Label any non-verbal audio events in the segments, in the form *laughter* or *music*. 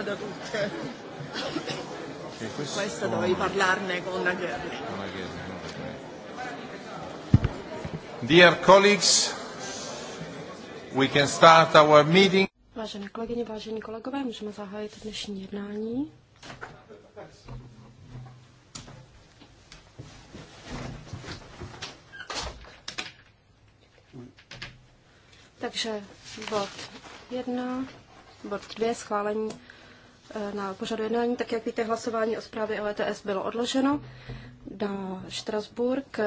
da tutte. E questo... Questa dovevi parlarne con la Dear colleagues, we can start our meeting. Vážené kolegyně, vážení kolegové, můžeme zahájit dnešní jednání. Takže bod 1, bod 2, schválení Eh, na pořadu jednání. Tak jak víte, hlasování o zprávě LTS e bylo odloženo na Štrasburg. Eh,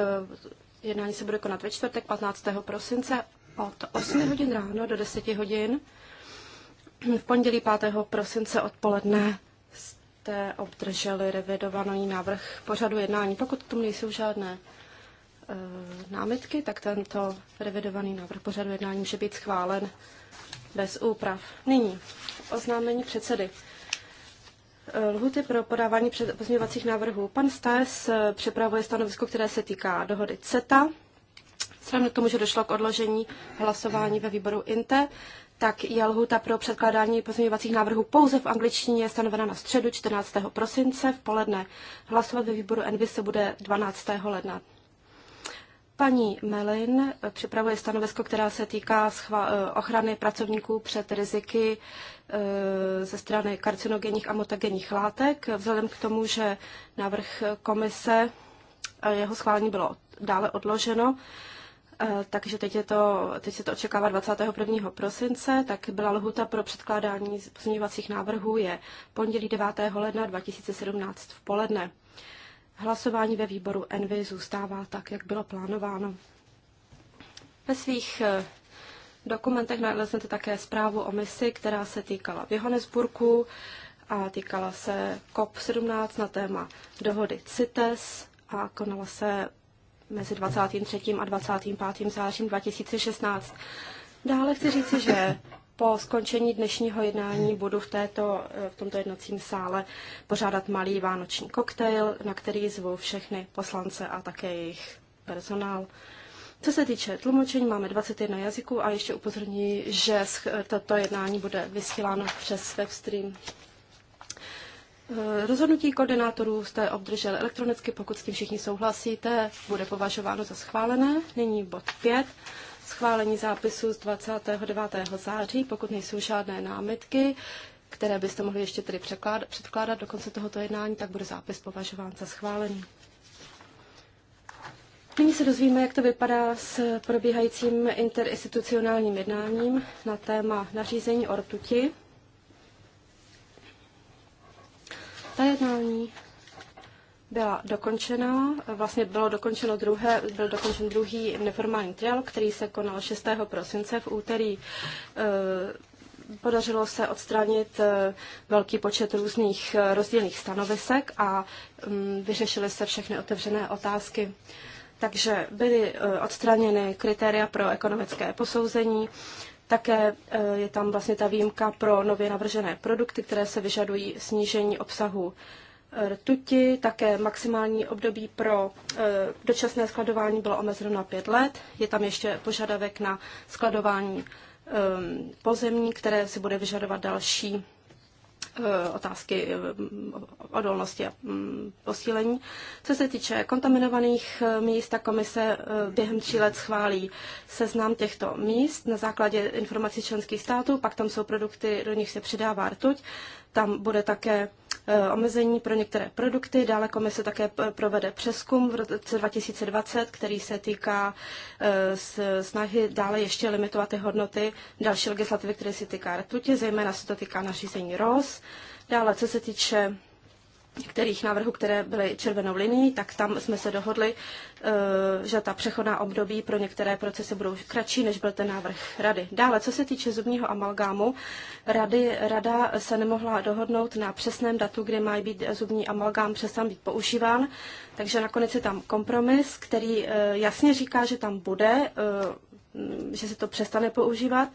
jednání se bude konat ve čtvrtek 15. prosince od 8 hodin ráno do 10 hodin. V pondělí 5. prosince odpoledne jste obdrželi revidovaný návrh pořadu jednání. Pokud k tomu nejsou žádné eh, námitky, tak tento revidovaný návrh pořadu jednání může být schválen bez úprav. Nyní oznámení předsedy. Eh, lhuty pro podávání pozměňovacích návrhů. Pan Staes eh, připravuje stanovisko, které se týká dohody CETA. Vzhledem k tomu, že došlo k odložení hlasování ve výboru INTE, tak je lhuta pro předkládání pozměňovacích návrhů pouze v angličtině stanovena na středu 14. prosince v poledne. Hlasovat ve výboru Envy se bude 12. ledna. Paní Melin eh, připravuje stanovisko, která se týká ochrany pracovníků před riziky Eh, ze strany karcinogenních a mutagenních látek. Vzhledem k tomu, že návrh komise, jeho schválení bylo dále odloženo, eh, takže teď, je to, teď se to očekává 21. prosince, tak byla lhuta pro předkládání pozměňovacích návrhů je pondělí 9. ledna 2017 v poledne. Hlasování ve výboru Envy zůstává tak, jak bylo plánováno. Ve svých eh, dokumentech naleznete také zprávu o misi, která se týkala v Johannesburgu a týkala se COP17 na téma dohody CITES a konala se mezi 23. a 25. zářím 2016. Dále chci říci, že po skončení dnešního jednání budu v, této, v tomto jednacím sále pořádat malý vánoční koktejl, na který zvu všechny poslance a také jejich personál. Co se týče tlumočení, máme 21 jazyků a ještě upozorní, že toto jednání bude vysíláno přes webstream. E, rozhodnutí koordinátorů jste obdrželi elektronicky, pokud s tím všichni souhlasíte, bude považováno za schválené. Nyní bod 5. Schválení zápisu z 29. září, pokud nejsou žádné námitky, které byste mohli ještě tedy předkládat do konce tohoto jednání, tak bude zápis považován za schválený. Nyní se dozvíme, jak to vypadá s probíhajícím interinstitucionálním jednáním na téma nařízení o rtuti. Ta jednání byla dokončena, vlastně bylo dokončeno druhé, byl dokončen druhý neformální trialog, který se konal 6. prosince v úterý. Eh, podařilo se odstranit eh, velký počet různých eh, rozdílných stanovisek a mm, vyřešily se všechny otevřené otázky takže byly eh, odstraněny kritéria pro ekonomické posouzení, také eh, je tam vlastně ta výjimka pro nově navržené produkty, které se vyžadují snížení obsahu eh, rtuti, také maximální období pro dočasné skladování bylo omezeno na pět let. Je tam ještě požadavek na skladování ehm, pozemní, které si bude vyžadovat další Eh, otázky eh, odolnosti a mm, posílení. Co se týče kontaminovaných eh, míst, ta komise během tří let schválí seznam těchto míst na základě informací členských států, pak tam jsou produkty, do nich se přidává rtuť. Tam bude také eh, omezení pro některé produkty. Dále komise také provede přeskum v roce 2020, který se týká eh, snahy dále ještě limitovat ty hodnoty další legislativy, které se týká retutě, zejména se to týká nařízení ROS. Dále, co se týče některých návrhů, které byly červenou linií, tak tam jsme se dohodli, eh, že ta přechodná období pro některé procesy budou kratší, než byl ten návrh rady. Dále, co se týče zubního amalgámu, rady, rada se nemohla dohodnout na přesném datu, kdy má být zubní amalgám přestan být používán, takže nakonec je tam kompromis, který eh, jasně říká, že tam bude, eh, že se to přestane používat,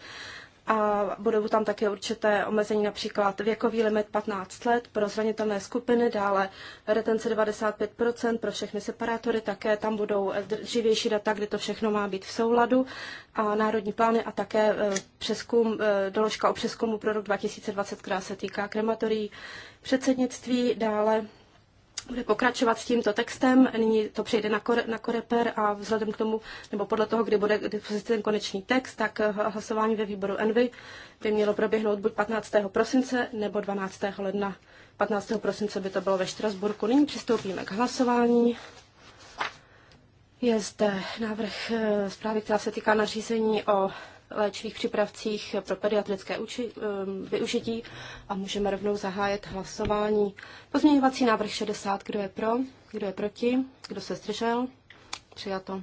a budou tam také určité omezení, například věkový limit 15 let pro zranitelné skupiny, dále retence 95% pro všechny separátory, také tam budou živější data, kdy to všechno má být v souladu a národní plány a také e, přeskum, e, doložka o přeskumu pro rok 2020, která se týká krematorií, předsednictví, dále bude pokračovat s tímto textem, nyní to přejde na, kore, na koreper a vzhledem k tomu, nebo podle toho, kdy bude dispozici ten konečný text, tak eh, hlasování ve výboru Envy by mělo proběhnout buď 15. prosince nebo 12. ledna. 15. prosince by to bylo ve Štrasburku. Nyní přistoupíme k hlasování. Je zde návrh eh, zprávy, která se týká nařízení o léčivých připravcích pro pediatrické uči, ehm, využití a můžeme rovnou zahájet hlasování. Pozměňovací návrh 60, kdo je pro, kdo je proti, kdo se zdržel, přijato.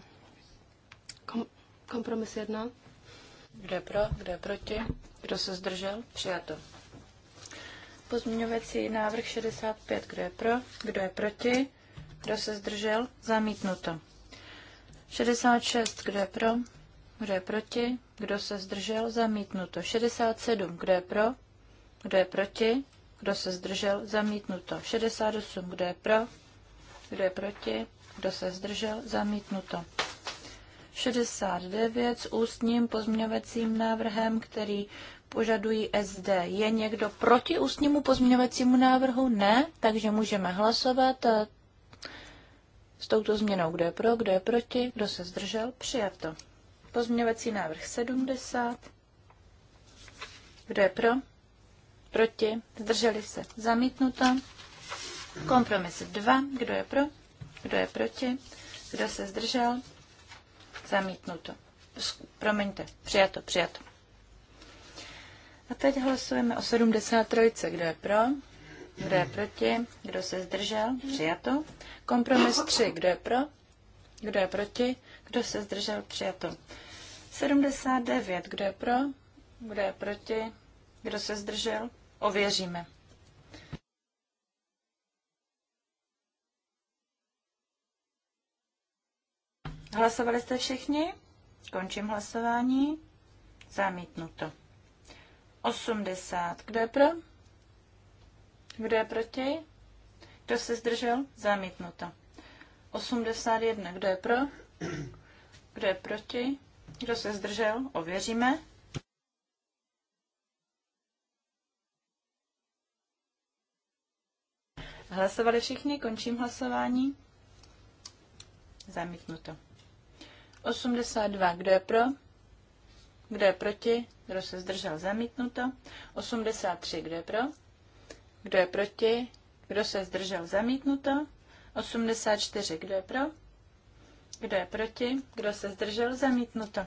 Kom, kompromis 1. Kdo je pro, kdo je proti, kdo se zdržel, přijato. Pozměňovací návrh 65, kdo je pro, kdo je proti, kdo se zdržel, zamítnuto. 66, kdo je pro, kdo je proti? Kdo se zdržel? Zamítnuto. 67. Kdo je pro? Kdo je proti? Kdo se zdržel? Zamítnuto. 68. Kdo je pro? Kdo je proti? Kdo se zdržel? Zamítnuto. 69 s ústním pozměňovacím návrhem, který požadují SD. Je někdo proti ústnímu pozměňovacímu návrhu? Ne, takže můžeme hlasovat eh, s touto změnou. Kdo je pro, kdo je proti, kdo se zdržel? Přijato. Pozměňovací návrh 70. Kdo je pro? Proti? Zdrželi se? Zamítnuto. Kompromis 2. Kdo je pro? Kdo je proti? Kdo se zdržel? Zamítnuto. Promiňte, přijato, přijato. A teď hlasujeme o 73. Kdo je pro? Kdo je proti? Kdo se zdržel? Přijato. Kompromis 3. Kdo je pro? Kdo je proti? Kdo se zdržel? Přijato. 79. Kdo je pro? Kdo je proti? Kdo se zdržel? Ověříme. Hlasovali jste všichni? Končím hlasování. Zamítnuto. 80. Kdo je pro? Kdo je proti? Kdo se zdržel? Zamítnuto. 81. Kdo je pro? Kdo je proti? Kdo se zdržel? Ověříme. Hlasovali všichni, končím hlasování. Zamítnuto. 82. Kdo je pro? Kdo je proti? Kdo se zdržel? Zamítnuto. 83. Kdo je pro? Kdo je proti? Kdo se zdržel? Zamítnuto. 84. Kdo je pro? Kdo je proti? Kdo se zdržel? Zamítnuto.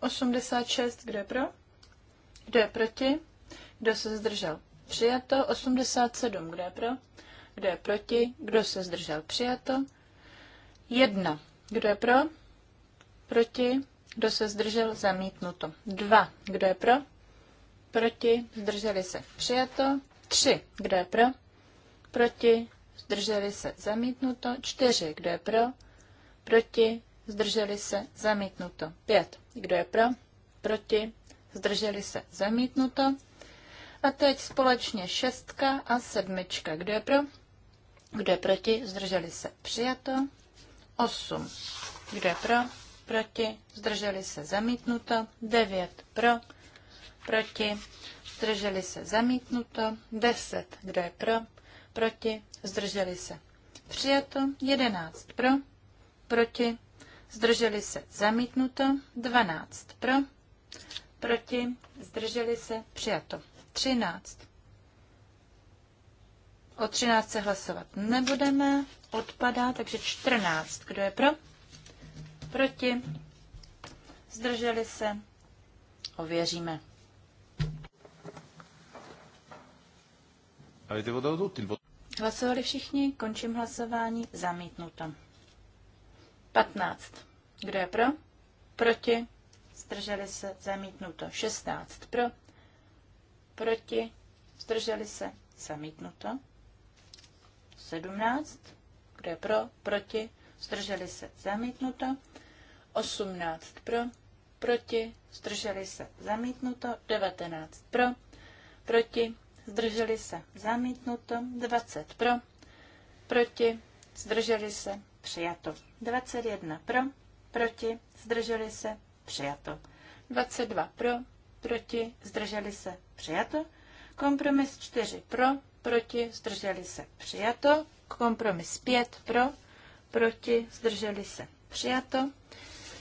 86. Kdo je pro? Kdo je proti? Kdo se zdržel? Přijato. 87. Kdo je pro? Kdo je proti? Kdo se zdržel? Přijato. 1. Kdo je pro? Proti? Kdo se zdržel? Zamítnuto. 2. Kdo je pro? Proti? Zdrželi se. Přijato. 3. Kdo je pro? Proti? zdrželi se, zamítnuto. 4, kdo je pro, proti, zdrželi se, zamítnuto. 5, kdo je pro, proti, zdrželi se, zamítnuto. A teď společně šestka a sedmička. Kdo je pro? Kdo je proti? Zdrželi se. Přijato. Osm. Kdo je pro? Proti. Zdrželi se. Zamítnuto. Devět. Pro. Proti. Zdrželi se. Zamítnuto. Deset. Kdo je pro? proti, zdrželi se. Přijato 11 pro, proti, zdrželi se. Zamítnuto 12 pro, proti, zdrželi se. Přijato 13. O 13 se hlasovat nebudeme, odpadá, takže 14. Kdo je pro? Proti? Zdrželi se? Ověříme. Avete votato tutti il Hlasovali všichni, končím hlasování, zamítnuto. 15. Kdo je pro? Proti? Zdrželi se, zamítnuto. 16. Pro? Proti? Zdrželi se, zamítnuto. 17. Kdo je pro? Proti? Zdrželi se, zamítnuto. 18. Pro? Proti? Zdrželi se, zamítnuto. 19. Pro? Proti? zdrželi se, zamítnuto, 20 pro, proti, zdrželi se, přijato, 21 pro, proti, zdrželi se, přijato, 22 pro, proti, zdrželi se, přijato, kompromis 4 pro, proti, zdrželi se, přijato, kompromis 5 pro, proti, zdrželi se, přijato,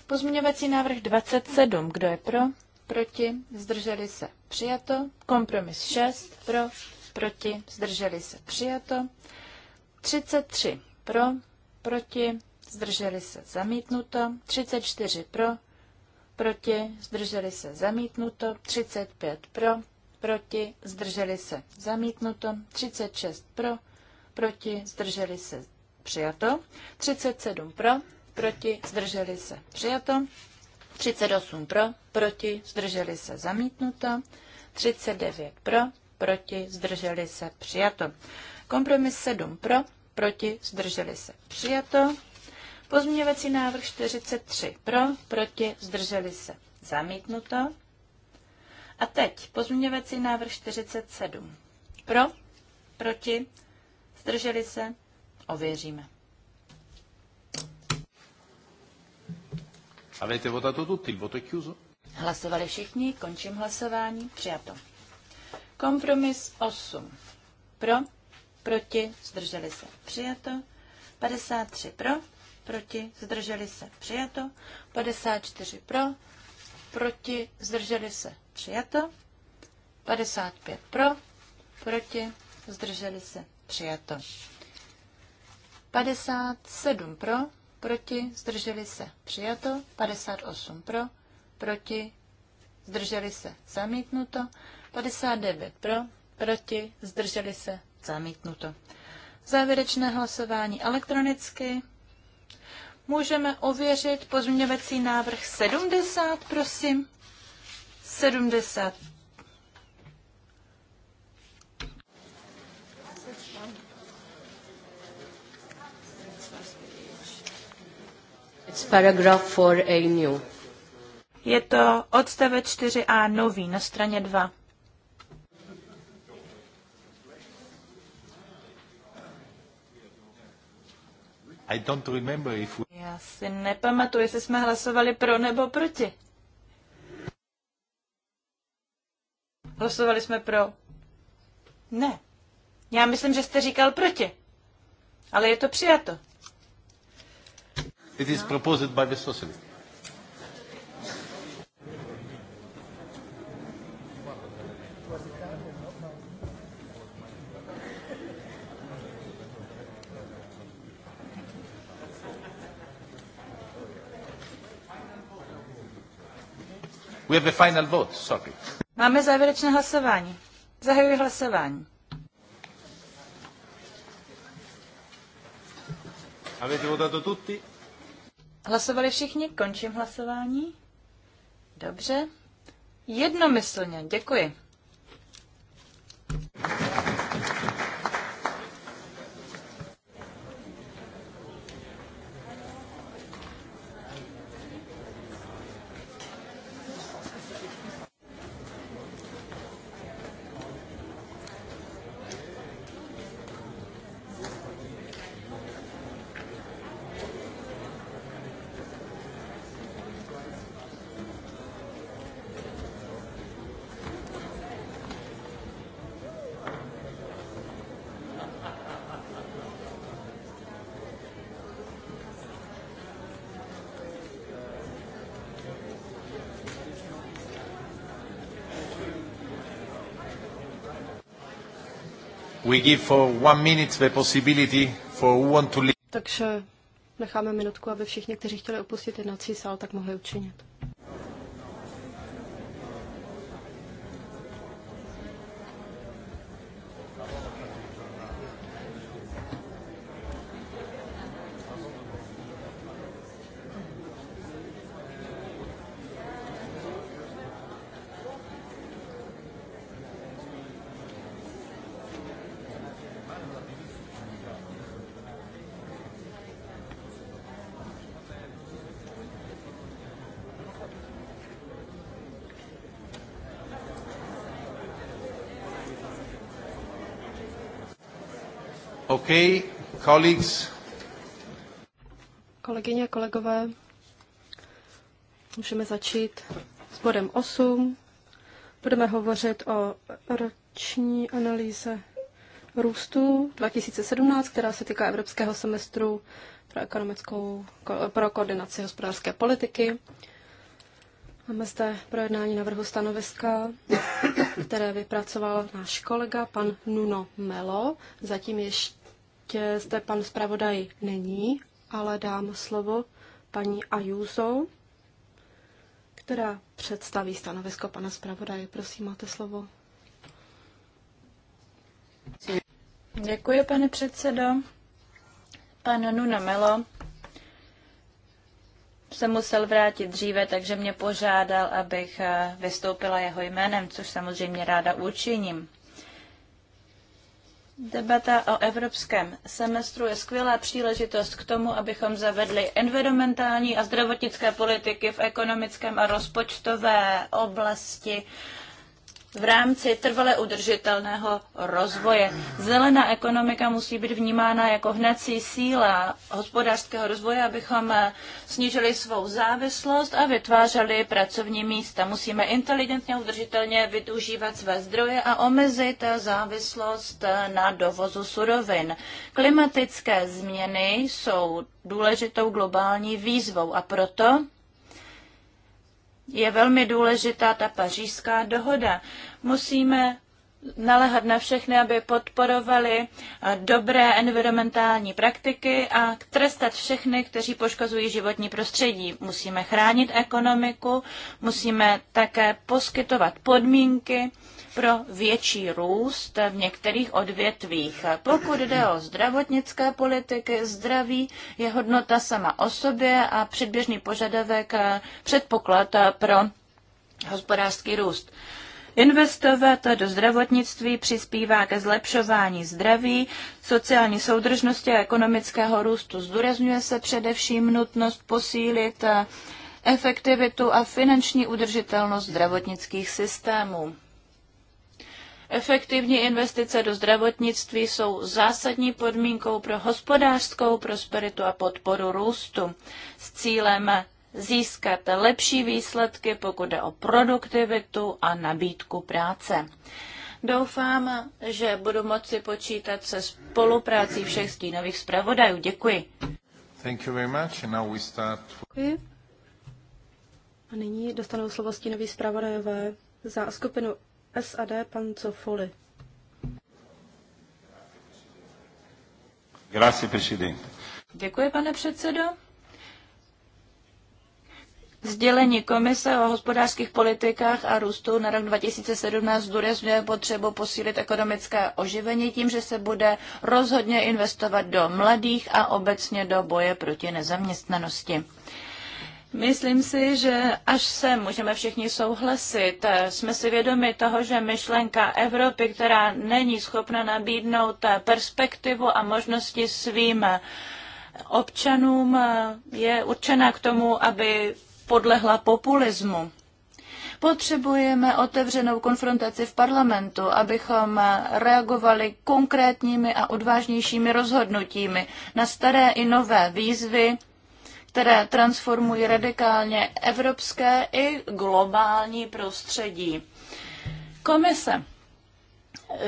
pozměňovací návrh 27, kdo je pro, proti, zdrželi se, přijato. Kompromis 6, pro, proti, zdrželi se, přijato. 33 pro, proti, zdrželi se, zamítnuto. 34 pro, proti, zdrželi se, zamítnuto. 35 pro, proti, zdrželi se, zamítnuto. 36 pro, proti, zdrželi se, přijato. 37 pro, proti, zdrželi se, přijato. 38 pro, proti, zdrželi se zamítnuto. 39 pro, proti, zdrželi se přijato. Kompromis 7 pro, proti, zdrželi se přijato. Pozměňovací návrh 43 pro, proti, zdrželi se zamítnuto. A teď pozměňovací návrh 47 pro, proti, zdrželi se, ověříme. Avete votato tutti, il voto è chiuso. Hlasovali všichni, končím hlasování, přijato. Kompromis 8. Pro, proti, zdrželi se, přijato. 53 pro, proti, zdrželi se, přijato. 54 pro, proti, zdrželi se, přijato. 55 pro, proti, zdrželi se, přijato. 57 pro, proti, zdrželi se, přijato, 58 pro, proti, zdrželi se, zamítnuto, 59 pro, proti, zdrželi se, zamítnuto. Závěrečné hlasování elektronicky. Můžeme ověřit pozměňovací návrh 70, prosím. 70 It's paragraph 4a new. Je to odstavec 4a nový na straně 2. I don't remember if we... Já si nepamatuji, jestli jsme hlasovali pro nebo proti. Hlasovali jsme pro. Ne. Já myslím, že jste říkal proti. Ale je to přijato. It is proposed by the socialist. We have a final vote, sorry. Máme závěrečné hlasování. Zahajuji hlasování. Avete votato tutti? Hlasovali všichni? Končím hlasování. Dobře. Jednomyslně, děkuji. We give for one minute the possibility for who want to leave. Takže necháme minutku, aby všichni, kteří chtěli opustit jednací sál, tak mohli učinit. Okay, colleagues. Kolegyně a kolegové, můžeme začít s bodem 8. Budeme hovořit o roční analýze růstu 2017, která se týká Evropského semestru pro, ekonomickou, pro koordinaci hospodářské politiky. Máme zde projednání navrhu stanoviska, které vypracoval náš kolega pan Nuno Melo. Zatím ještě zde pan zpravodaj není, ale dám slovo paní Ajuso, která představí stanovisko pana zpravodaje. Prosím, máte slovo. Děkuji, pane předsedo. Pan Nuna Melo se musel vrátit dříve, takže mě požádal, abych vystoupila jeho jménem, což samozřejmě ráda učiním. Debata o evropském semestru je skvělá příležitost k tomu, abychom zavedli environmentální a zdravotnické politiky v ekonomickém a rozpočtové oblasti v rámci trvale udržitelného rozvoje. Zelená ekonomika musí být vnímána jako hnací síla hospodářského rozvoje, abychom eh, snížili svou závislost a vytvářeli pracovní místa. Musíme inteligentně a udržitelně využívat své zdroje a omezit závislost eh, na dovozu surovin. Klimatické změny jsou důležitou globální výzvou a proto je velmi důležitá ta pařížská dohoda. Musíme naléhat na všechny, aby podporovali eh, dobré environmentální praktiky a trestat všechny, kteří poškazují životní prostředí. Musíme chránit ekonomiku, musíme také poskytovat podmínky, pro větší růst v některých odvětvích. Pokud jde o zdravotnické politiky, zdraví je hodnota sama o sobě a předběžný požadavek eh, předpoklad eh, pro hospodářský růst. Investovat do zdravotnictví přispívá ke zlepšování zdraví, sociální soudržnosti a ekonomického růstu. Zdůrazňuje se především nutnost posílit eh, efektivitu a finanční udržitelnost zdravotnických systémů. Efektivní investice do zdravotnictví jsou zásadní podmínkou pro hospodářskou prosperitu a podporu růstu s cílem získat lepší výsledky, pokud jde o produktivitu a nabídku práce. Doufám, že budu moci počítat se spoluprácí všech stínových zpravodajů. Děkuji. Thank you very much. And now we start... Děkuji. A nyní dostanou slovo stínový zpravodajové za skupinu SAD pan Cofoli. Děkuji, pane předsedo. Sdělení Komise o hospodářských politikách a růstu na rok 2017 zdůrazňuje potřebu posílit ekonomické oživení tím, že se bude rozhodně investovat do mladých a obecně do boje proti nezaměstnanosti. Myslím si, že až se můžeme všichni souhlasit. Eh, jsme si vědomi toho, že myšlenka Evropy, která není schopna nabídnout eh, perspektivu a možnosti svým eh, občanům, je určena k tomu, aby podlehla populismu. Potřebujeme otevřenou konfrontaci v parlamentu, abychom reagovali konkrétními a odvážnějšími rozhodnutími na staré i nové výzvy, které transformují radikálně evropské i globální prostředí. Komise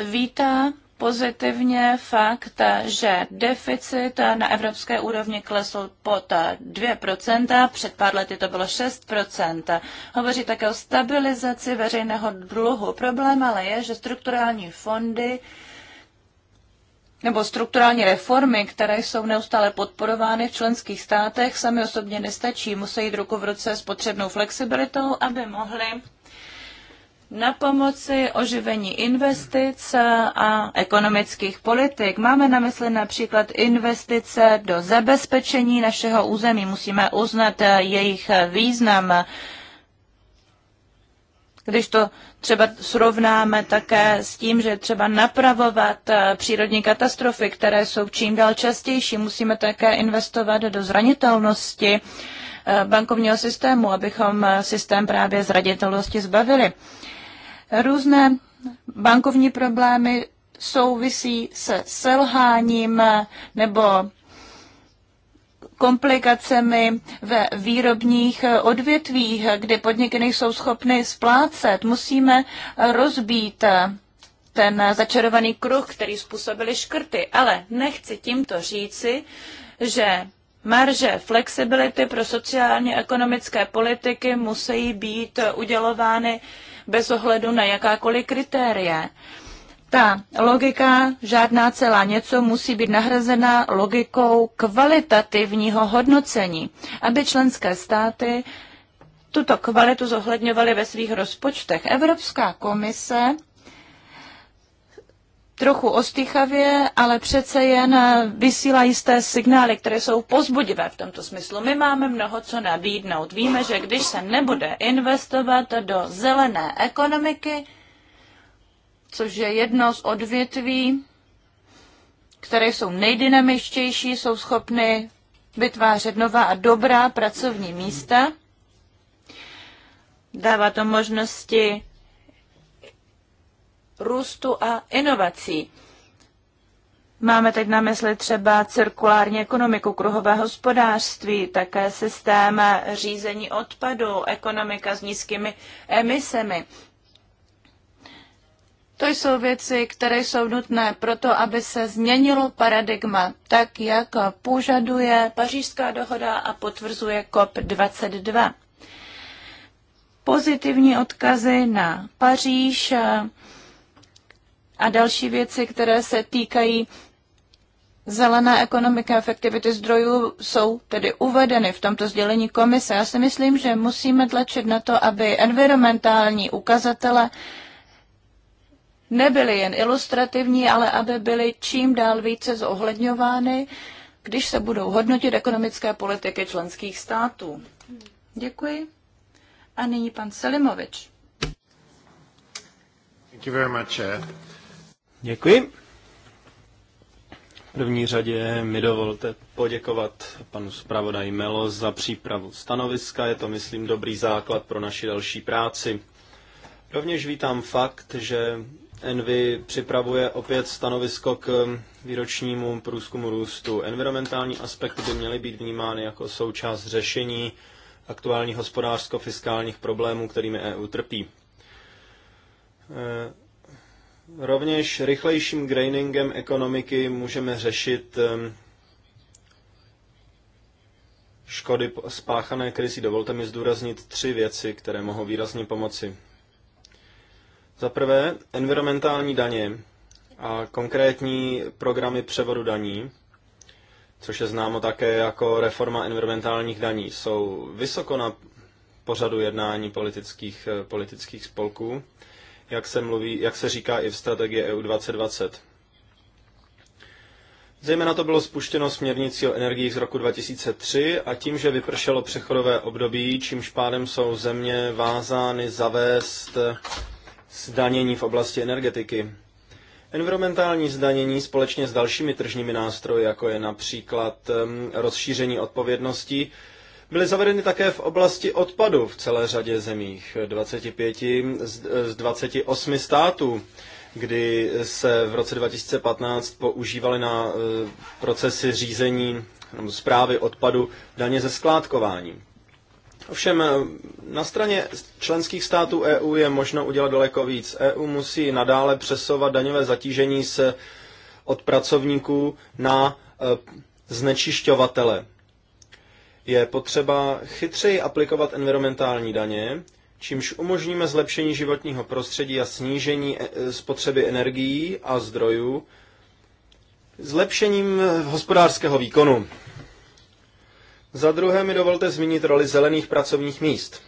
vítá pozitivně fakt, že deficit na evropské úrovni klesl pod 2%, před pár lety to bylo 6%. Hovoří také o stabilizaci veřejného dluhu. Problém ale je, že strukturální fondy nebo strukturální reformy, které jsou neustále podporovány v členských státech, sami osobně nestačí. Musí jít ruku v ruce s potřebnou flexibilitou, aby mohli na pomoci oživení investic a ekonomických politik. Máme na mysli například investice do zabezpečení našeho území. Musíme uznat jejich význam když to třeba srovnáme také s tím, že třeba napravovat eh, přírodní katastrofy, které jsou čím dál častější, musíme také investovat do zranitelnosti eh, bankovního systému, abychom eh, systém právě zranitelnosti zbavili. Různé bankovní problémy souvisí se selháním nebo komplikacemi ve výrobních odvětvích, kde podniky nejsou schopny splácet. Musíme rozbít ten začarovaný kruh, který způsobili škrty. Ale nechci tímto říci, že marže flexibility pro sociálně ekonomické politiky musí být udělovány bez ohledu na jakákoliv kritéria ta logika žádná celá něco musí být nahrazena logikou kvalitativního hodnocení, aby členské státy tuto kvalitu zohledňovaly ve svých rozpočtech. Evropská komise trochu ostýchavě, ale přece jen vysílá jisté signály, které jsou pozbudivé v tomto smyslu. My máme mnoho co nabídnout. Víme, že když se nebude investovat do zelené ekonomiky, což je jedno z odvětví, které jsou nejdynamičtější, jsou schopny vytvářet nová a dobrá pracovní místa. Dává to možnosti růstu a inovací. Máme teď na mysli třeba cirkulární ekonomiku, kruhové hospodářství, také systém řízení odpadu, ekonomika s nízkými emisemi. To jsou věci, které jsou nutné proto, aby se změnilo paradigma, tak jak požaduje pařížská dohoda a potvrzuje COP22. Pozitivní odkazy na Paříž a další věci, které se týkají zelené ekonomiky a efektivity zdrojů, jsou tedy uvedeny v tomto sdělení komise. Já si myslím, že musíme tlačit na to, aby environmentální ukazatele nebyly jen ilustrativní, ale aby byly čím dál více zohledňovány, když se budou hodnotit ekonomické politiky členských států. Děkuji. A nyní pan Selimovič. Děkuji. V první řadě mi dovolte poděkovat panu zpravodaji Melo za přípravu stanoviska. Je to, myslím, dobrý základ pro naši další práci. Rovněž vítám fakt, že Envy připravuje opět stanovisko k výročnímu průzkumu růstu. Environmentální aspekty by měly být vnímány jako součást řešení aktuálních hospodářsko-fiskálních problémů, kterými EU trpí. E, rovněž rychlejším grainingem ekonomiky můžeme řešit e, škody spáchané krizi. Dovolte mi zdůraznit tři věci, které mohou výrazně pomoci. Za prvé, environmentální daně a konkrétní programy převodu daní, což je známo také jako reforma environmentálních daní, jsou vysoko na pořadu jednání politických, eh, politických spolků, jak se, mluví, jak se říká i v strategii EU 2020. Zejména to bylo spuštěno směrnicí o energiích z roku 2003 a tím, že vypršelo přechodové období, čímž pádem jsou země vázány zavést zdanění v oblasti energetiky. Environmentální zdanění společně s dalšími tržními nástroji, jako je například rozšíření odpovědnosti, byly zavedeny také v oblasti odpadu v celé řadě zemích 25 z 28 států, kdy se v roce 2015 používaly na e, procesy řízení zprávy odpadu daně ze skládkování. Ovšem eh, na straně členských států EU je možno udělat daleko víc. EU musí nadále přesovat daňové zatížení se od pracovníků na eh, znečišťovatele. Je potřeba chytřeji aplikovat environmentální daně, čímž umožníme zlepšení životního prostředí a snížení eh, spotřeby energií a zdrojů zlepšením hospodářského výkonu. Za druhé mi dovolte zmínit roli zelených pracovních míst.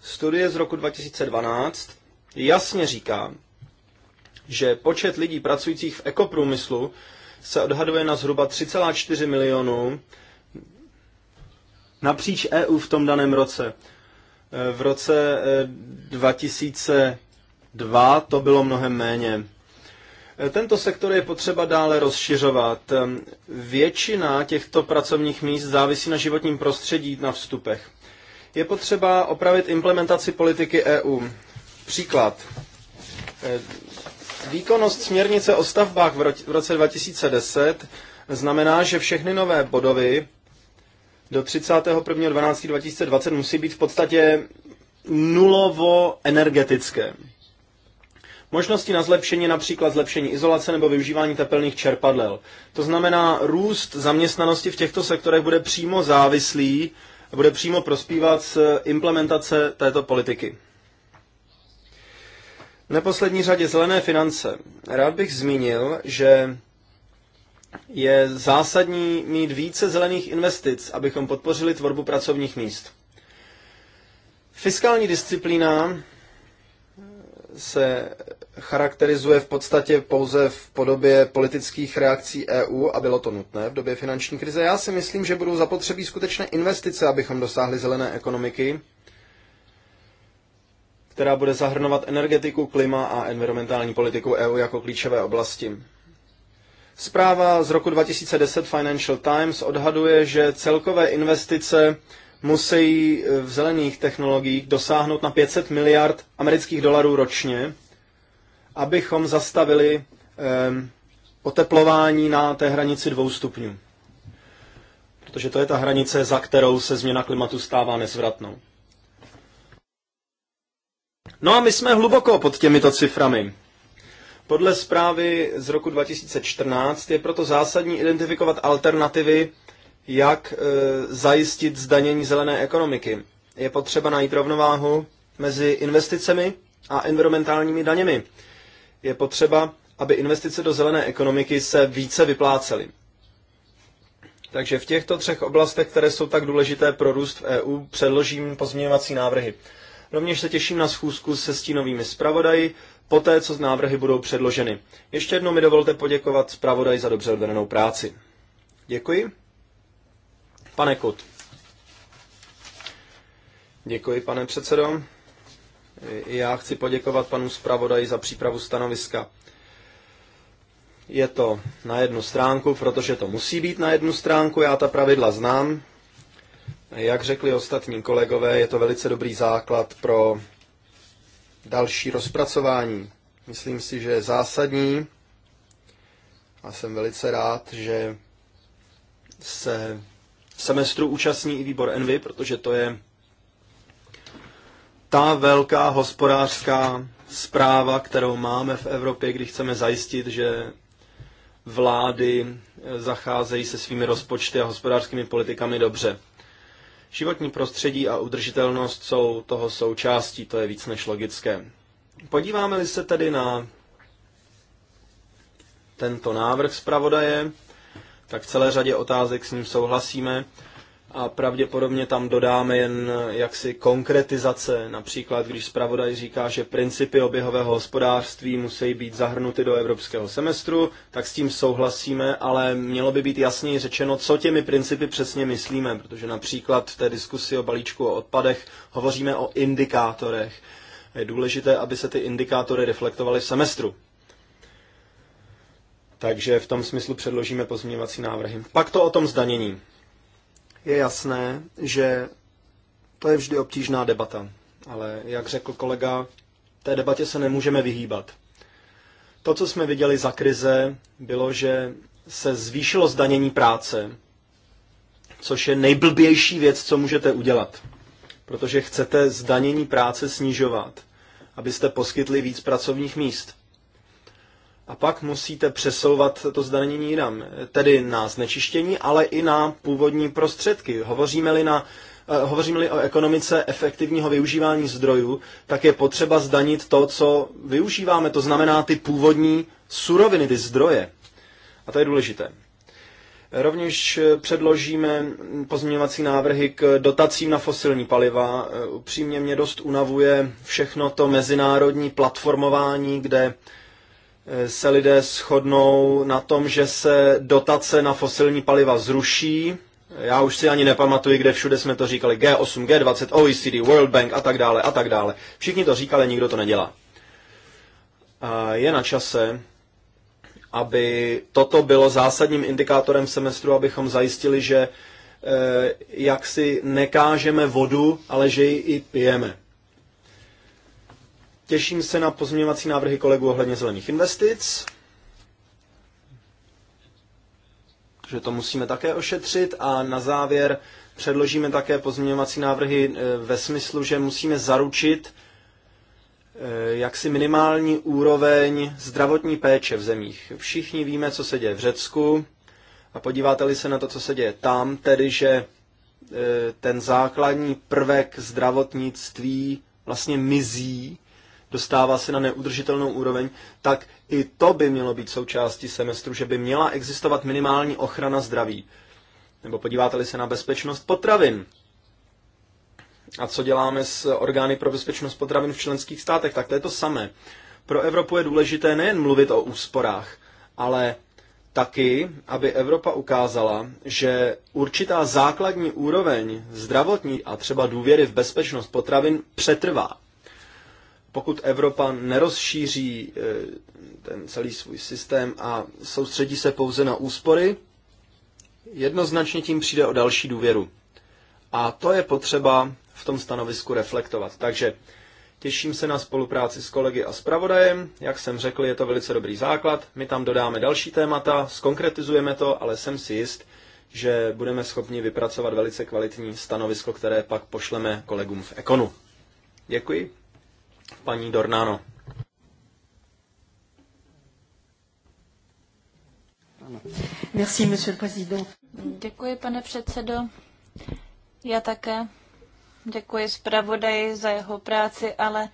Studie z roku 2012 jasně říká, že počet lidí pracujících v ekoprůmyslu se odhaduje na zhruba 3,4 milionů napříč EU v tom daném roce. E, v roce 2002 e, to bylo mnohem méně. Tento sektor je potřeba dále rozšiřovat. Většina těchto pracovních míst závisí na životním prostředí na vstupech. Je potřeba opravit implementaci politiky EU. Příklad. Eh, výkonnost směrnice o stavbách v roce 2010 znamená, že všechny nové bodovy do 31.12.2020 musí být v podstatě nulovo energetické. Možnosti na zlepšení například zlepšení izolace nebo využívání tepelných čerpadel. To znamená, růst zaměstnanosti v těchto sektorech bude přímo závislý, bude přímo prospívat s implementace této politiky. V neposlední řadě zelené finance. Rád bych zmínil, že je zásadní mít více zelených investic, abychom podpořili tvorbu pracovních míst. Fiskální disciplína se charakterizuje v podstatě pouze v podobě politických reakcí EU a bylo to nutné v době finanční krize. Já si myslím, že budou zapotřebí skutečné investice, abychom dosáhli zelené ekonomiky, která bude zahrnovat energetiku, klima a environmentální politiku EU jako klíčové oblasti. Zpráva z roku 2010 Financial Times odhaduje, že celkové investice musí v zelených technologiích dosáhnout na 500 miliard amerických dolarů ročně, abychom zastavili oteplování na té hranici dvou stupňů. Protože to je ta hranice, za kterou se změna klimatu stává nezvratnou. No a my jsme hluboko pod těmito ciframi. Podle zprávy z roku 2014 je proto zásadní identifikovat alternativy, jak e, zajistit zdanění zelené ekonomiky. Je potřeba najít rovnováhu mezi investicemi a environmentálními daněmi, je potřeba, aby investice do zelené ekonomiky se více vyplácely. Takže v těchto třech oblastech, které jsou tak důležité pro růst v EU, předložím pozměňovací návrhy. Rovněž se těším na schůzku se stínovými zpravodaji, poté co z návrhy budou předloženy. Ještě jednou mi dovolte poděkovat zpravodaji za dobře odvedenou práci. Děkuji. Pane Kut. Děkuji, pane předsedo. Já chci poděkovat panu zpravodaji za přípravu stanoviska. Je to na jednu stránku, protože to musí být na jednu stránku, já ta pravidla znám. Jak řekli ostatní kolegové, je to velice dobrý základ pro další rozpracování. Myslím si, že je zásadní a jsem velice rád, že se semestru účastní i výbor Envy, protože to je ta velká hospodářská zpráva, kterou máme v Evropě, když chceme zajistit, že vlády eh, zacházejí se svými rozpočty a hospodářskými politikami dobře. Životní prostředí a udržitelnost jsou toho součástí, to je víc než logické. Podíváme-li se tedy na tento návrh zpravodaje, tak v celé řadě otázek s ním souhlasíme a pravděpodobně tam dodáme jen eh, jaksi konkretizace, například když zpravodaj říká, že principy oběhového hospodářství musí být zahrnuty do evropského semestru, tak s tím souhlasíme, ale mělo by být jasněji řečeno, co těmi principy přesně myslíme, protože například v té diskusi o balíčku o odpadech hovoříme o indikátorech. Je důležité, aby se ty indikátory reflektovaly v semestru. Takže v tom smyslu předložíme pozměňovací návrhy. Pak to o tom zdanění. Je jasné, že to je vždy obtížná debata, ale jak řekl kolega, té debatě se nemůžeme vyhýbat. To, co jsme viděli za krize, bylo, že se zvýšilo zdanění práce, což je nejblbější věc, co můžete udělat. Protože chcete zdanění práce snižovat, abyste poskytli víc pracovních míst a pak musíte přesouvat to zdanění jinam, tedy na znečištění, ale i na původní prostředky. Hovoříme-li na eh, Hovoříme-li o ekonomice efektivního využívání zdrojů, tak je potřeba zdanit to, co využíváme, to znamená ty původní suroviny, ty zdroje. A to je důležité. Rovněž eh, předložíme pozměňovací návrhy k dotacím na fosilní paliva. Eh, upřímně mě dost unavuje všechno to mezinárodní platformování, kde Eh, se lidé shodnou na tom, že se dotace na fosilní paliva zruší. Já už si ani nepamatuji, kde všude jsme to říkali. G8, G20, OECD, World Bank a tak dále a tak dále. Všichni to říkali, nikdo to nedělá. A je na čase, aby toto bylo zásadním indikátorem semestru, abychom zajistili, že eh, jak si nekážeme vodu, ale že ji i pijeme. Těším se na pozměňovací návrhy kolegů ohledně zelených investic, že to musíme také ošetřit a na závěr předložíme také pozměňovací návrhy eh, ve smyslu, že musíme zaručit eh, jaksi minimální úroveň zdravotní péče v zemích. Všichni víme, co se děje v Řecku a podíváte-li se na to, co se děje tam, tedy že eh, ten základní prvek zdravotnictví vlastně mizí dostává se na neudržitelnou úroveň, tak i to by mělo být součástí semestru, že by měla existovat minimální ochrana zdraví. Nebo podíváte-li se na bezpečnost potravin. A co děláme s orgány pro bezpečnost potravin v členských státech, tak to je to samé. Pro Evropu je důležité nejen mluvit o úsporách, ale taky, aby Evropa ukázala, že určitá základní úroveň zdravotní a třeba důvěry v bezpečnost potravin přetrvá pokud Evropa nerozšíří eh, ten celý svůj systém a soustředí se pouze na úspory, jednoznačně tím přijde o další důvěru. A to je potřeba v tom stanovisku reflektovat. Takže těším se na spolupráci s kolegy a zpravodajem. Jak jsem řekl, je to velice dobrý základ. My tam dodáme další témata, skonkretizujeme to, ale jsem si jist, že budeme schopni vypracovat velice kvalitní stanovisko, které pak pošleme kolegům v Ekonu. Děkuji. Paní Dornano. Merci, monsieur le président. Děkuji, pane předsedo. Já také děkuji zpravodaji za jeho práci, ale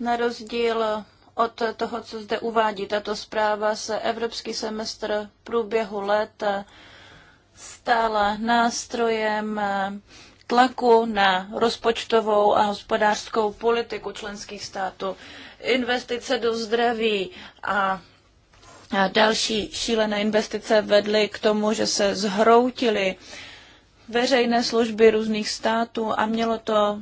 na rozdíl od toho, co zde uvádí tato zpráva, se evropský semestr v průběhu let stala nástrojem tlaku na rozpočtovou a hospodářskou politiku členských států, investice do zdraví a další šílené investice vedly k tomu, že se zhroutily veřejné služby různých států a mělo to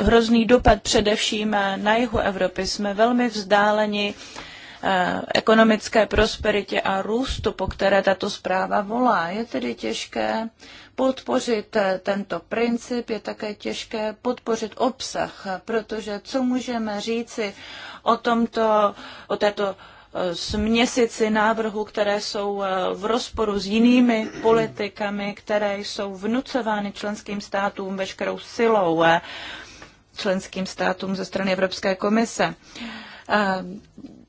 hrozný dopad především na jihu Evropy. Jsme velmi vzdáleni Eh, ekonomické prosperitě a růstu, po které tato zpráva volá. Je tedy těžké podpořit eh, tento princip, je také těžké podpořit obsah, protože co můžeme říci o tomto, o této eh, směsici návrhů, které jsou v rozporu s jinými politikami, které jsou vnucovány členským státům veškerou silou členským státům ze strany Evropské komise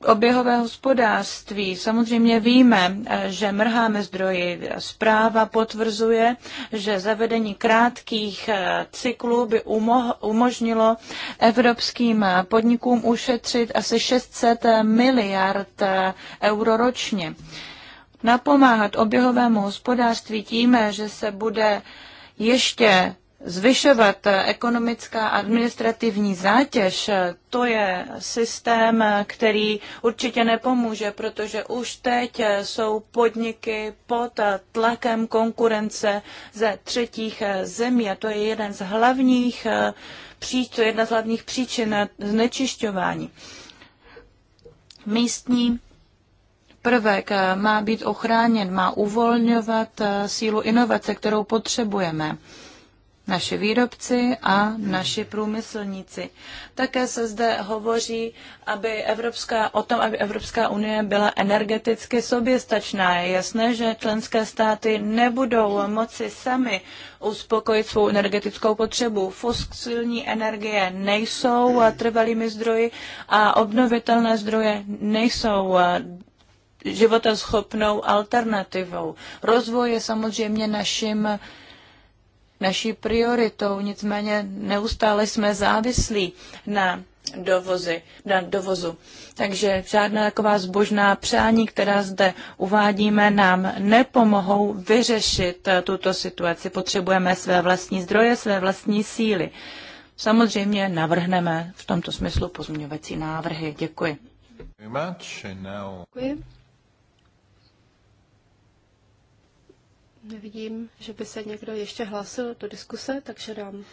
oběhové hospodářství. Samozřejmě víme, eh, že mrháme zdroji. Zpráva potvrzuje, že zavedení krátkých eh, cyklů by umožnilo evropským eh, podnikům ušetřit asi 600 miliard euro ročně. Napomáhat oběhovému hospodářství tím, že se bude ještě zvyšovat ekonomická administrativní zátěž, to je systém, který určitě nepomůže, protože už teď jsou podniky pod tlakem konkurence ze třetích zemí a to je jeden z hlavních příčin, jedna z hlavních příčin znečišťování. Místní prvek má být ochráněn, má uvolňovat sílu inovace, kterou potřebujeme naše výrobci a naši průmyslníci. Také se zde hovoří aby Evropská, o tom, aby Evropská unie byla energeticky soběstačná. Je jasné, že členské státy nebudou moci sami uspokojit svou energetickou potřebu. Fosilní energie nejsou trvalými zdroji a obnovitelné zdroje nejsou životaschopnou alternativou. Rozvoj je samozřejmě naším naší prioritou, nicméně neustále jsme závislí na dovozy, na dovozu. Takže žádná taková zbožná přání, která zde uvádíme, nám nepomohou vyřešit tuto situaci. Potřebujeme své vlastní zdroje, své vlastní síly. Samozřejmě navrhneme v tomto smyslu pozměňovací návrhy. Děkuji. Děkuji. Nevidím, že by se někdo ještě hlásil do diskuse, takže dám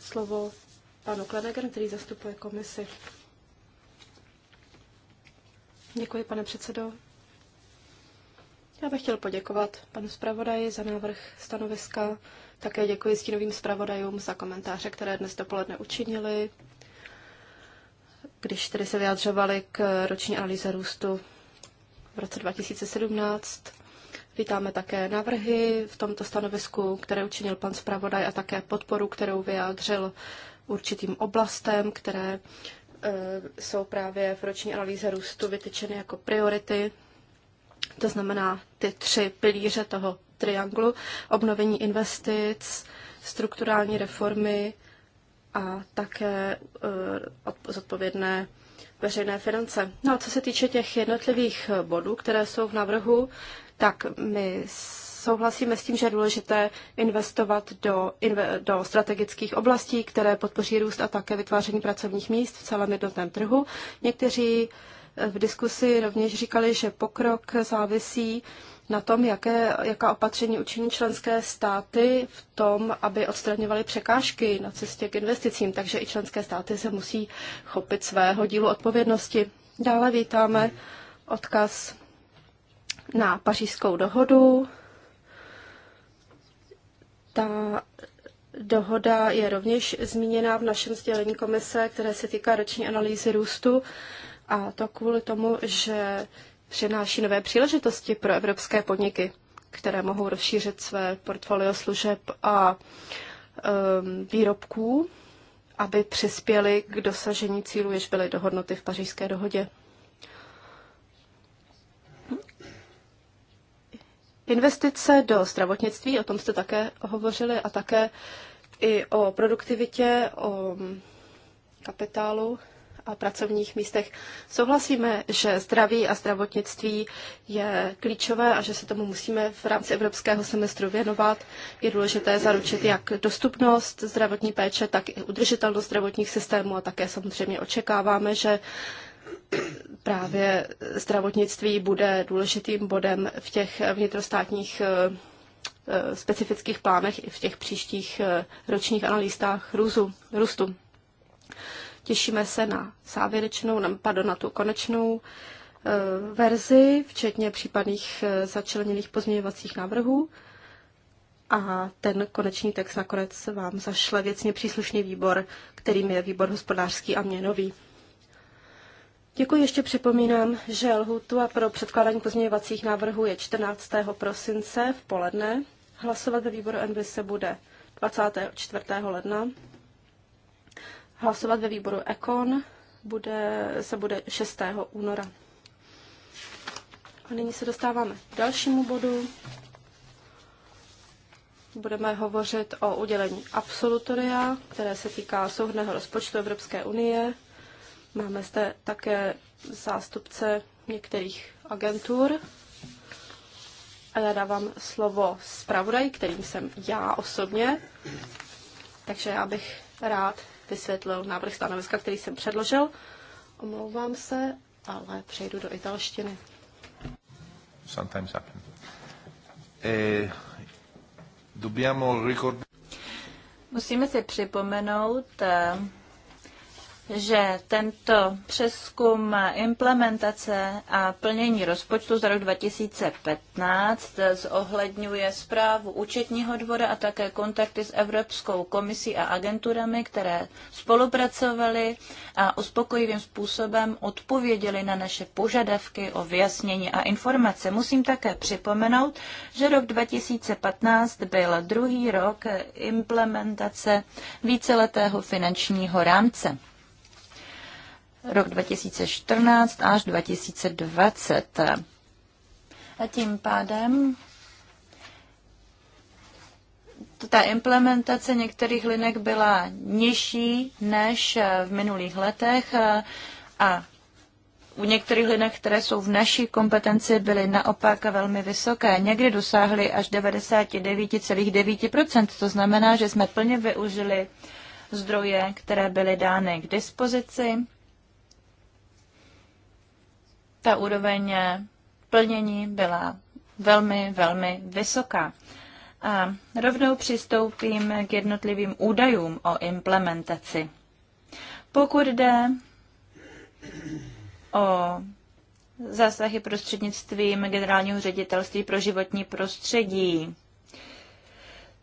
slovo panu Klenegan, který zastupuje komisi. Děkuji, pane předsedo. Já bych chtěl poděkovat panu zpravodaji za návrh stanoviska. Také děkuji stínovým zpravodajům za komentáře, které dnes dopoledne učinili, když tedy se vyjadřovali k roční analýze růstu v roce 2017. Vítáme také návrhy v tomto stanovisku, které učinil pan zpravodaj a také podporu, kterou vyjádřil určitým oblastem, které e, jsou právě v roční analýze růstu vytyčeny jako priority. To znamená ty tři pilíře toho trianglu, obnovení investic, strukturální reformy a také e, zodpovědné veřejné finance. No a co se týče těch jednotlivých bodů, které jsou v návrhu, tak my souhlasíme s tím, že je důležité investovat do, inve, do strategických oblastí, které podpoří růst a také vytváření pracovních míst v celém jednotném trhu. Někteří v diskusi rovněž říkali, že pokrok závisí na tom, jaké, jaká opatření učiní členské státy v tom, aby odstraňovaly překážky na cestě k investicím, takže i členské státy se musí chopit svého dílu odpovědnosti. Dále vítáme odkaz na pařížskou dohodu. Ta dohoda je rovněž zmíněna v našem sdělení komise, které se týká roční analýzy růstu. A to kvůli tomu, že přináší nové příležitosti pro evropské podniky, které mohou rozšířit své portfolio služeb a um, výrobků, aby přispěli k dosažení cílů, jež byly dohodnuty v pařížské dohodě. Investice do zdravotnictví, o tom jste také hovořili, a také i o produktivitě, o mm, kapitálu a pracovních místech. Souhlasíme, že zdraví a zdravotnictví je klíčové a že se tomu musíme v rámci evropského semestru věnovat. Je důležité zaručit jak dostupnost zdravotní péče, tak i udržitelnost zdravotních systémů a také samozřejmě očekáváme, že právě zdravotnictví bude důležitým bodem v těch vnitrostátních eh, eh, specifických plánech i v těch příštích eh, ročních analýzách růzu, růstu. Těšíme se na závěrečnou, pardon, na tu konečnou eh, verzi, včetně případných eh, začleněných pozměňovacích návrhů. A ten konečný text nakonec vám zašle věcně příslušný výbor, kterým je výbor hospodářský a měnový. Děkuji, ještě připomínám, že lhutu a pro předkládání pozměňovacích návrhů je 14. prosince v poledne. Hlasovat ve výboru Nv se bude 24. ledna. Hlasovat ve výboru Ekon bude, se bude 6. února. A nyní se dostáváme k dalšímu bodu. Budeme hovořit o udělení absolutoria, které se týká souhrného rozpočtu Evropské unie. Máme zde také zástupce některých agentur. A já dávám slovo zpravodaj, kterým jsem já osobně. Takže já bych rád vysvětlil návrh stanoviska, který jsem předložil. Omlouvám se, ale přejdu do italštiny. Sometimes happen. Eh, Musíme si připomenout, eh, že tento přeskum implementace a plnění rozpočtu za rok 2015 zohledňuje zprávu účetního dvora a také kontakty s Evropskou komisí a agenturami, které spolupracovaly a uspokojivým způsobem odpověděly na naše požadavky o vyjasnění a informace. Musím také připomenout, že rok 2015 byl druhý rok implementace víceletého finančního rámce rok 2014 až 2020. A tím pádem ta implementace některých linek byla nižší než v minulých letech a u některých linek, které jsou v naší kompetenci, byly naopak velmi vysoké. Někdy dosáhly až 99,9%. To znamená, že jsme plně využili zdroje, které byly dány k dispozici ta úroveň plnění byla velmi, velmi vysoká. A rovnou přistoupím k jednotlivým údajům o implementaci. Pokud jde o zásahy prostřednictvím Generálního ředitelství pro životní prostředí,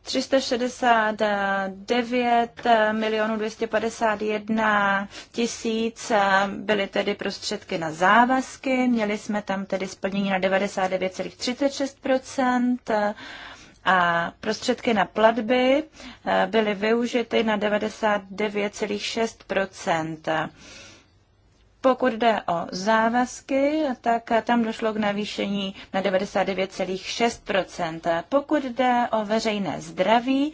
369 eh, milionů 251 tisíc eh, byly tedy prostředky na závazky, měli jsme tam tedy splnění na 99,36 eh, a prostředky na platby byly využity na 99,6 pokud jde o závazky, tak tam došlo k navýšení na 99,6 Pokud jde o veřejné zdraví,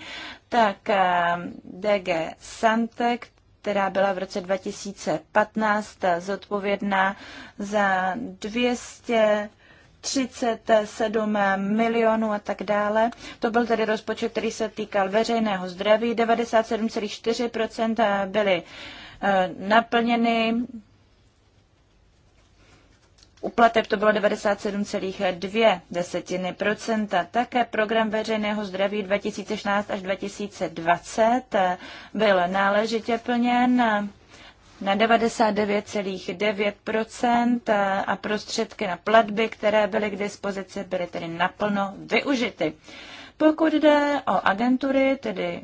tak ehm, DG Santek, která byla v roce 2015 zodpovědná za 200 37 milionů a tak dále. To byl tedy rozpočet, který se týkal veřejného zdraví. 97,4% byly eh, naplněny u plateb to bylo 97,2 desetiny procenta. Také program veřejného zdraví 2016 až 2020 byl náležitě plněn na 99,9 a prostředky na platby, které byly k dispozici, byly tedy naplno využity. Pokud jde o agentury, tedy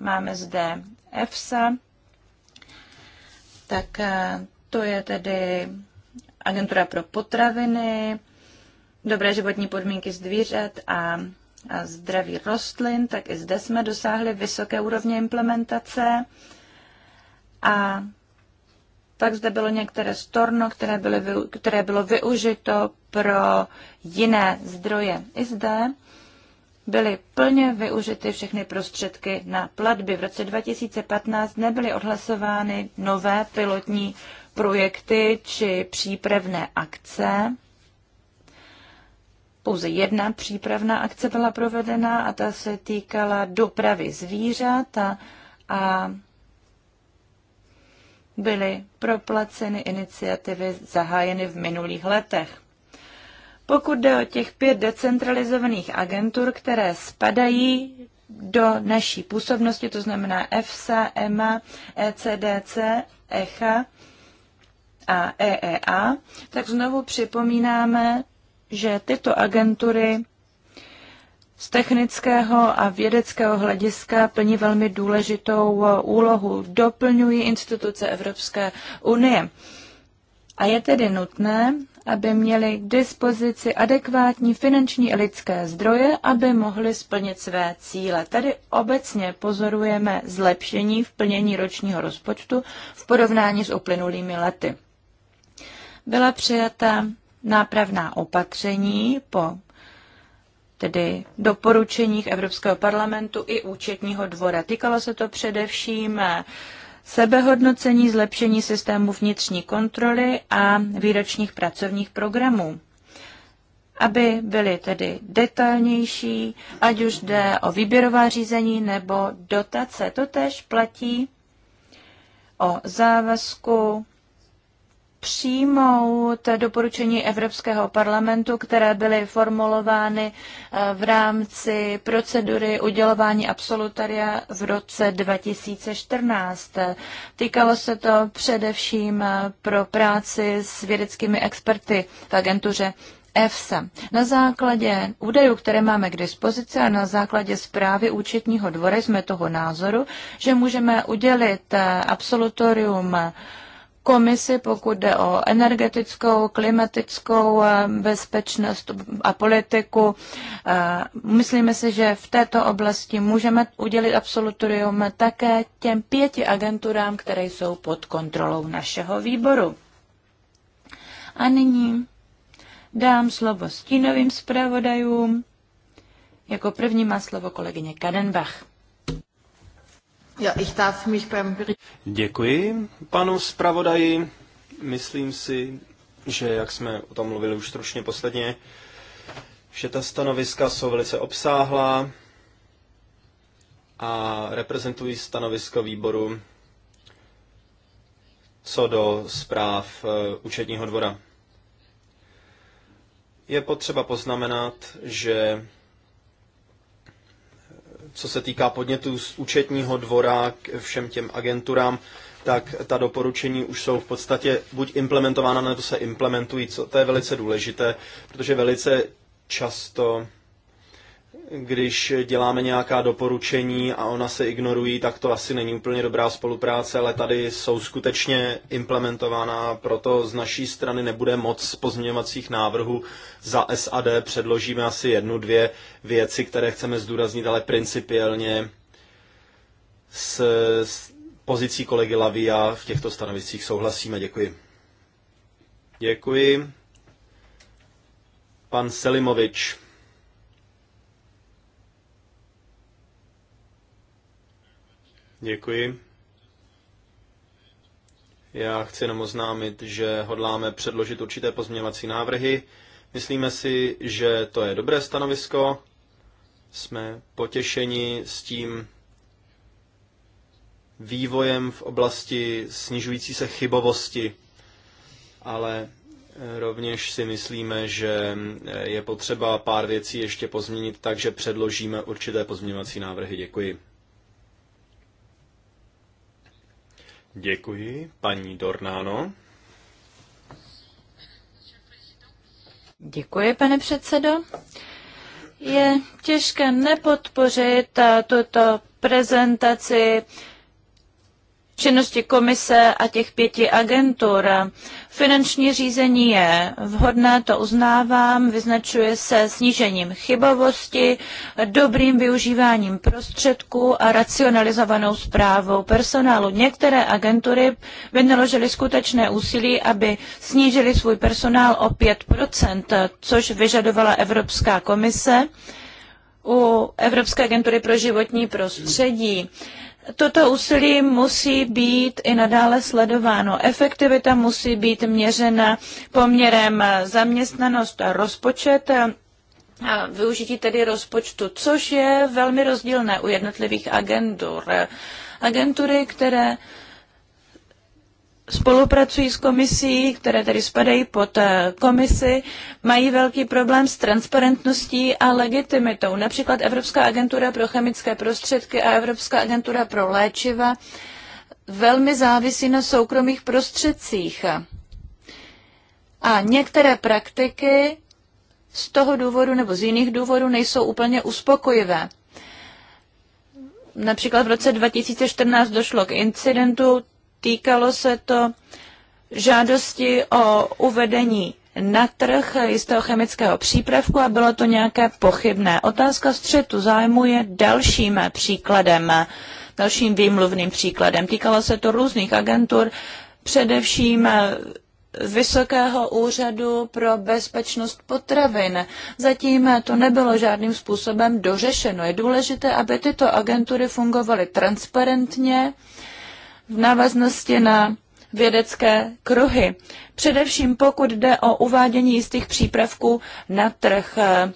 máme zde EFSA, tak to je tedy agentura pro potraviny, dobré životní podmínky zvířat a, a zdraví rostlin, tak i zde jsme dosáhli vysoké úrovně implementace. A pak zde bylo některé storno, které, byly, které bylo využito pro jiné zdroje. I zde byly plně využity všechny prostředky na platby. V roce 2015 nebyly odhlasovány nové pilotní projekty či přípravné akce. Pouze jedna přípravná akce byla provedena a ta se týkala dopravy zvířat a, a byly proplaceny iniciativy zahájeny v minulých letech. Pokud jde o těch pět decentralizovaných agentur, které spadají do naší působnosti, to znamená EFSA, EMA, ECDC, ECHA, a EEA, tak znovu připomínáme, že tyto agentury z technického a vědeckého hlediska plní velmi důležitou úlohu, doplňují instituce Evropské unie. A je tedy nutné, aby měli k dispozici adekvátní finanční a lidské zdroje, aby mohli splnit své cíle. Tady obecně pozorujeme zlepšení v plnění ročního rozpočtu v porovnání s uplynulými lety byla přijata nápravná opatření po tedy doporučeních Evropského parlamentu i účetního dvora. Týkalo se to především eh, sebehodnocení, zlepšení systému vnitřní kontroly a výročních pracovních programů aby byly tedy detailnější, ať už jde o výběrová řízení nebo dotace. To tež platí o závazku přijmout doporučení Evropského parlamentu, které byly formulovány eh, v rámci procedury udělování absolutaria v roce 2014. Týkalo se to především eh, pro práci s vědeckými experty v agentuře EFSA. Na základě údajů, které máme k dispozici a na základě zprávy účetního dvora jsme toho názoru, že můžeme udělit eh, absolutorium komisi, pokud jde o energetickou, klimatickou eh, bezpečnost a politiku. Eh, myslíme si, že v této oblasti můžeme udělit absolutorium také těm pěti agenturám, které jsou pod kontrolou našeho výboru. A nyní dám slovo stínovým zpravodajům. Jako první má slovo kolegyně Kadenbach ich darf mich beim Děkuji panu zpravodaji. Myslím si, že jak jsme o tom mluvili už stručně posledně, že ta stanoviska jsou velice obsáhlá a reprezentují stanovisko výboru co do zpráv eh, účetního dvora. Je potřeba poznamenat, že co se týká podnětů z účetního dvora k všem těm agenturám, tak ta doporučení už jsou v podstatě buď implementována, nebo se implementují. Co, to je velice důležité, protože velice často když děláme nějaká doporučení a ona se ignorují, tak to asi není úplně dobrá spolupráce, ale tady jsou skutečně implementována, proto z naší strany nebude moc pozměňovacích návrhů. Za SAD předložíme asi jednu, dvě věci, které chceme zdůraznit, ale principiálně s, s pozicí kolegy Lavia v těchto stanoviscích souhlasíme. Děkuji. Děkuji. Pan Selimovič. Děkuji. Já chci jenom oznámit, že hodláme předložit určité pozměňovací návrhy. Myslíme si, že to je dobré stanovisko. Jsme potěšeni s tím vývojem v oblasti snižující se chybovosti, ale rovněž si myslíme, že je potřeba pár věcí ještě pozměnit, takže předložíme určité pozměňovací návrhy. Děkuji. Děkuji, paní Dornáno. Děkuji, pane předsedo. Je těžké nepodpořit eh, tuto prezentaci činnosti komise a těch pěti agentur. Finanční řízení je vhodné, to uznávám, vyznačuje se snížením chybovosti, dobrým využíváním prostředků a racionalizovanou zprávou personálu. Některé agentury vynaložily skutečné úsilí, aby snížili svůj personál o 5%, což vyžadovala Evropská komise u Evropské agentury pro životní prostředí. Toto úsilí musí být i nadále sledováno. Efektivita musí být měřena poměrem zaměstnanost a rozpočet a využití tedy rozpočtu, což je velmi rozdílné u jednotlivých agentur. Agentury, které spolupracují s komisí, které tedy spadají pod eh, komisi, mají velký problém s transparentností a legitimitou. Například Evropská agentura pro chemické prostředky a Evropská agentura pro léčiva velmi závisí na soukromých prostředcích. A některé praktiky z toho důvodu nebo z jiných důvodů nejsou úplně uspokojivé. Například v roce 2014 došlo k incidentu Týkalo se to žádosti o uvedení na trh jistého chemického přípravku a bylo to nějaké pochybné. Otázka střetu zájmu je dalším příkladem, dalším výmluvným příkladem. Týkalo se to různých agentur, především Vysokého úřadu pro bezpečnost potravin. Zatím to nebylo žádným způsobem dořešeno. Je důležité, aby tyto agentury fungovaly transparentně, v návaznosti na vědecké kruhy. Především pokud jde o uvádění jistých přípravků na trh. Eh,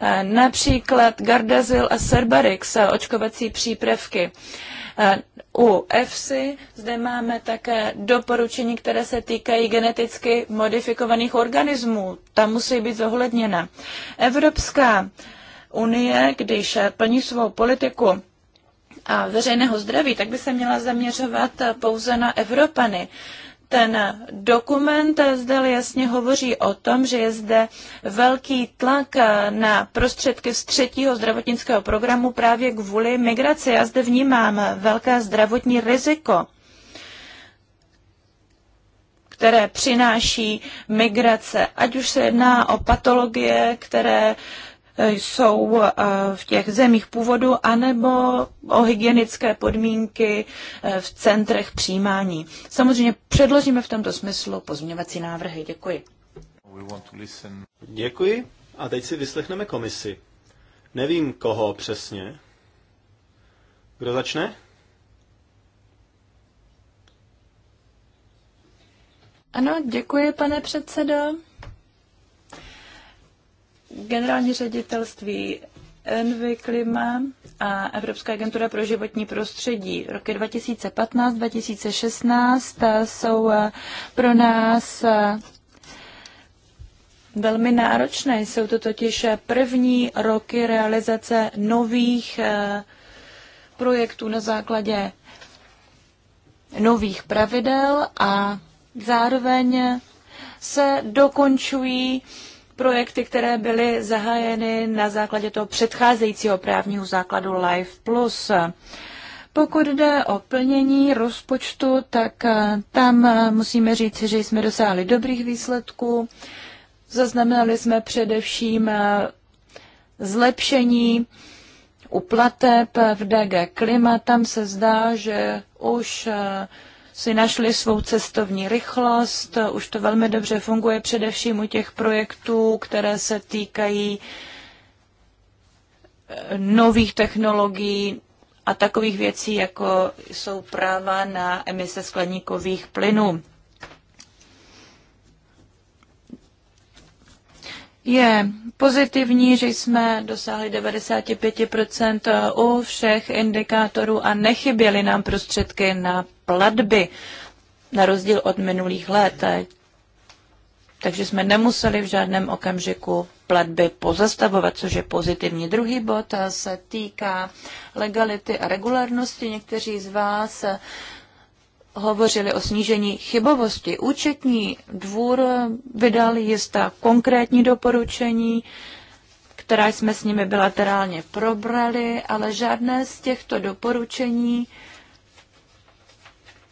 eh, například Gardasil a Serbarix, eh, očkovací přípravky. U EFSI zde máme také doporučení, které se týkají geneticky modifikovaných organismů. Tam musí být zohledněna. Evropská unie, když plní svou politiku a veřejného zdraví, tak by se měla zaměřovat pouze na Evropany. Ten dokument zde jasně hovoří o tom, že je zde velký tlak na prostředky z třetího zdravotnického programu právě kvůli migraci. Já zde vnímám velké zdravotní riziko které přináší migrace, ať už se jedná o patologie, které jsou eh, v těch zemích původu, anebo o hygienické podmínky eh, v centrech přijímání. Samozřejmě předložíme v tomto smyslu pozměňovací návrhy. Děkuji. Děkuji. A teď si vyslechneme komisi. Nevím, koho přesně. Kdo začne? Ano, děkuji, pane předsedo generální ředitelství Envy Klima a Evropská agentura pro životní prostředí. Roky 2015-2016 jsou eh, pro nás eh, velmi náročné. Jsou to totiž eh, první roky realizace nových projektů na základě nových pravidel a zároveň se dokončují uh, projekty, které byly zahájeny na základě toho předcházejícího právního základu Life Plus. Pokud jde o plnění rozpočtu, tak eh, tam eh, musíme říct, že jsme dosáhli dobrých výsledků. Zaznamenali jsme především eh, zlepšení uplateb v DG Klima. Tam se zdá, že už si našli svou cestovní rychlost, už to velmi dobře funguje především u těch projektů, které se týkají eh, nových technologií a takových věcí, jako jsou práva na emise skleníkových plynů. Je pozitivní, že jsme dosáhli 95% u všech indikátorů a nechyběly nám prostředky na platby, na rozdíl od minulých let. Takže jsme nemuseli v žádném okamžiku platby pozastavovat, což je pozitivní. Druhý bod se týká legality a regulárnosti. Někteří z vás hovořili o snížení chybovosti. Účetní dvůr vydal jistá konkrétní doporučení, která jsme s nimi bilaterálně probrali, ale žádné z těchto doporučení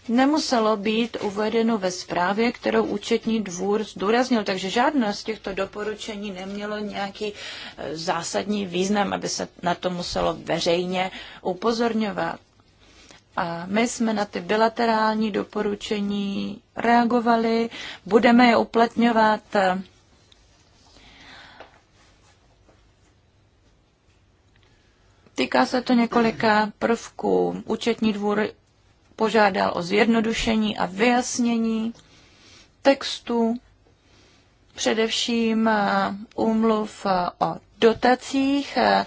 nemuselo být uvedeno ve zprávě, kterou účetní dvůr zdůraznil, takže žádné z těchto doporučení nemělo nějaký eh, zásadní význam, aby se na to muselo veřejně upozorňovat. A my jsme na ty bilaterální doporučení reagovali, budeme je uplatňovat. Týká se to několika prvků. Účetní dvůr požádal o zjednodušení a vyjasnění textu, především eh, úmluv eh, o dotacích, eh,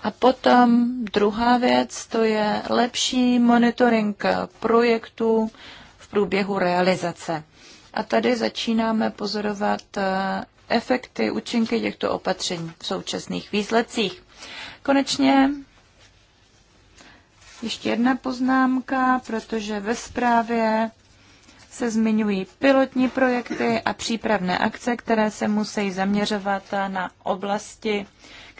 a potom druhá věc, to je lepší monitoring projektů v průběhu realizace. A tady začínáme pozorovat eh, efekty, účinky těchto opatření v současných výsledcích. Konečně ještě jedna poznámka, protože ve zprávě se zmiňují pilotní projekty a přípravné akce, které se musí zaměřovat na oblasti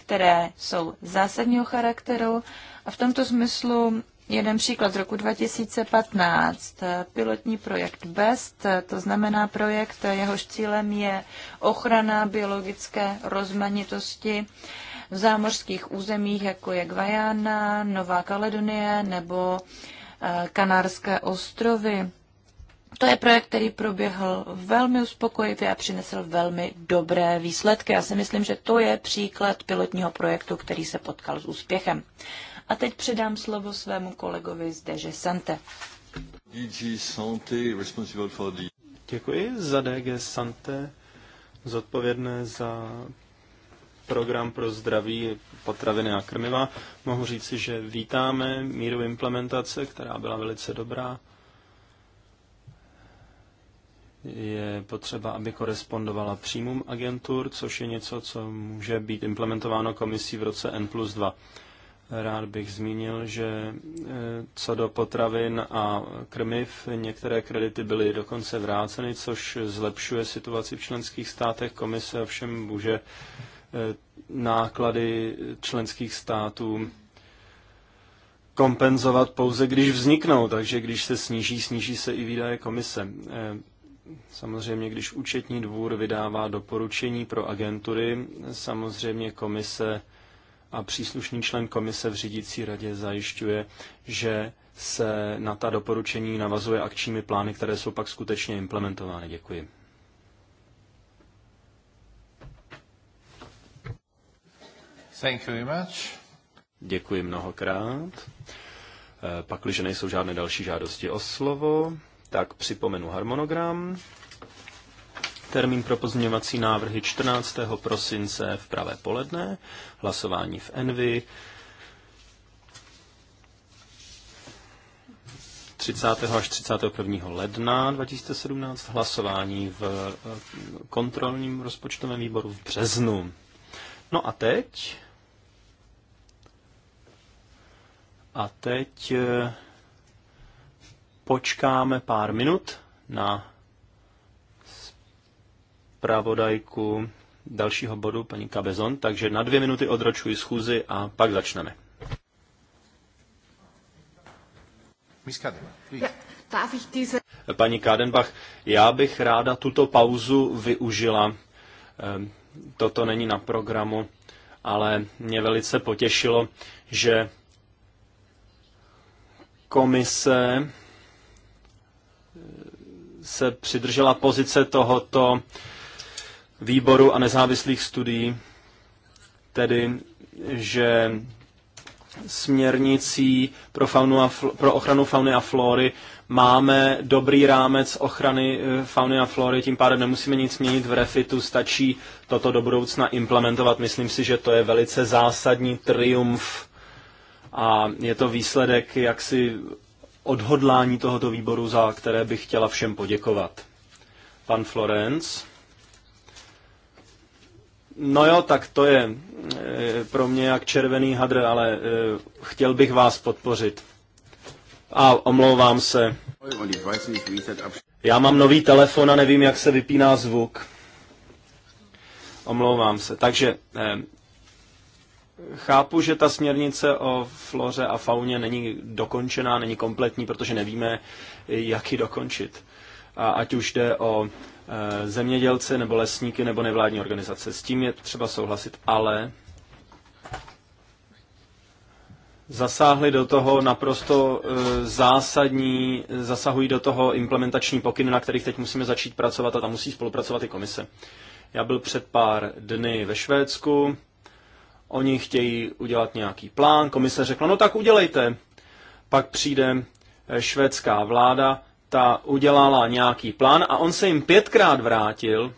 které jsou zásadního charakteru. A v tomto smyslu jeden příklad z roku 2015. Pilotní projekt BEST, to znamená projekt, jehož cílem je ochrana biologické rozmanitosti v zámořských územích, jako je Gvajana, Nová Kaledonie nebo eh, Kanárské ostrovy. To je projekt, který proběhl velmi uspokojivě a přinesl velmi dobré výsledky. Já si myslím, že to je příklad pilotního projektu, který se potkal s úspěchem. A teď předám slovo svému kolegovi Zdeže Sante. DG Santé, Děkuji za DG Sante, zodpovědné za program pro zdraví, potraviny a krmiva. Mohu říci, že vítáme míru implementace, která byla velice dobrá je potřeba, aby korespondovala příjmům agentur, což je něco, co může být implementováno komisí v roce N plus 2. Rád bych zmínil, že e, co do potravin a krmiv, některé kredity byly dokonce vráceny, což zlepšuje situaci v členských státech. Komise ovšem může e, náklady členských států kompenzovat pouze, když vzniknou, takže když se sníží, sníží se i výdaje komise. E, Samozřejmě, když účetní dvůr vydává doporučení pro agentury, samozřejmě komise a příslušný člen komise v řídící radě zajišťuje, že se na ta doporučení navazuje akčními plány, které jsou pak skutečně implementovány. Děkuji. Thank you very much. Děkuji mnohokrát. Eh, Pakliže nejsou žádné další žádosti o slovo, tak připomenu harmonogram. Termín pro pozměňovací návrhy 14. prosince v pravé poledne, hlasování v Envy 30. až 31. ledna 2017, hlasování v eh, kontrolním rozpočtovém výboru v březnu. No a teď... A teď eh, počkáme pár minut na zpravodajku dalšího bodu, paní Kabezon, takže na dvě minuty odročuji schůzi a pak začneme. Paní Kádenbach, já bych ráda tuto pauzu využila. Ehm, toto není na programu, ale mě velice potěšilo, že komise se přidržela pozice tohoto výboru a nezávislých studií, tedy že směrnicí pro, faunu a pro ochranu fauny a flóry máme dobrý rámec ochrany eh, fauny a flóry, tím pádem nemusíme nic měnit v refitu, stačí toto do budoucna implementovat. Myslím si, že to je velice zásadní triumf a je to výsledek jaksi odhodlání tohoto výboru, za které bych chtěla všem poděkovat. Pan Florenc. No jo, tak to je eh, pro mě jak červený hadr, ale eh, chtěl bych vás podpořit. A omlouvám se. Já mám nový telefon a nevím, jak se vypíná zvuk. Omlouvám se. Takže eh, Chápu, že ta směrnice o floře a fauně není dokončená, není kompletní, protože nevíme, jak ji dokončit. A ať už jde o e, zemědělce nebo lesníky nebo nevládní organizace. S tím je třeba souhlasit, ale zasáhly do toho naprosto e, zásadní, zasahují do toho implementační pokyny, na kterých teď musíme začít pracovat a tam musí spolupracovat i komise. Já byl před pár dny ve Švédsku, Oni chtějí udělat nějaký plán, komise řekla, no tak udělejte. Pak přijde eh, švédská vláda, ta udělala nějaký plán a on se jim pětkrát vrátil,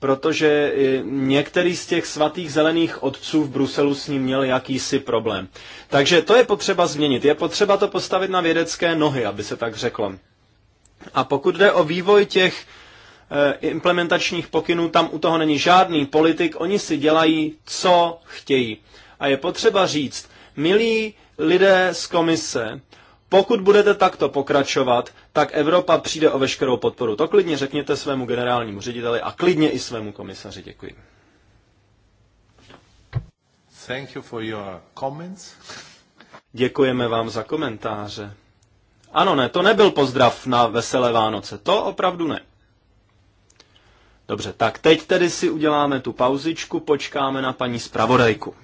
protože eh, některý z těch svatých zelených otců v Bruselu s ním měl jakýsi problém. Takže to je potřeba změnit. Je potřeba to postavit na vědecké nohy, aby se tak řeklo. A pokud jde o vývoj těch Eh, implementačních pokynů, tam u toho není žádný politik, oni si dělají, co chtějí. A je potřeba říct, milí lidé z komise, pokud budete takto pokračovat, tak Evropa přijde o veškerou podporu. To klidně řekněte svému generálnímu řediteli a klidně i svému komisaři. Děkuji. Thank you for your comments. Děkujeme vám za komentáře. Ano, ne, to nebyl pozdrav na veselé Vánoce. To opravdu ne. Dobře, tak teď tedy si uděláme tu pauzičku, počkáme na paní zpravodajku.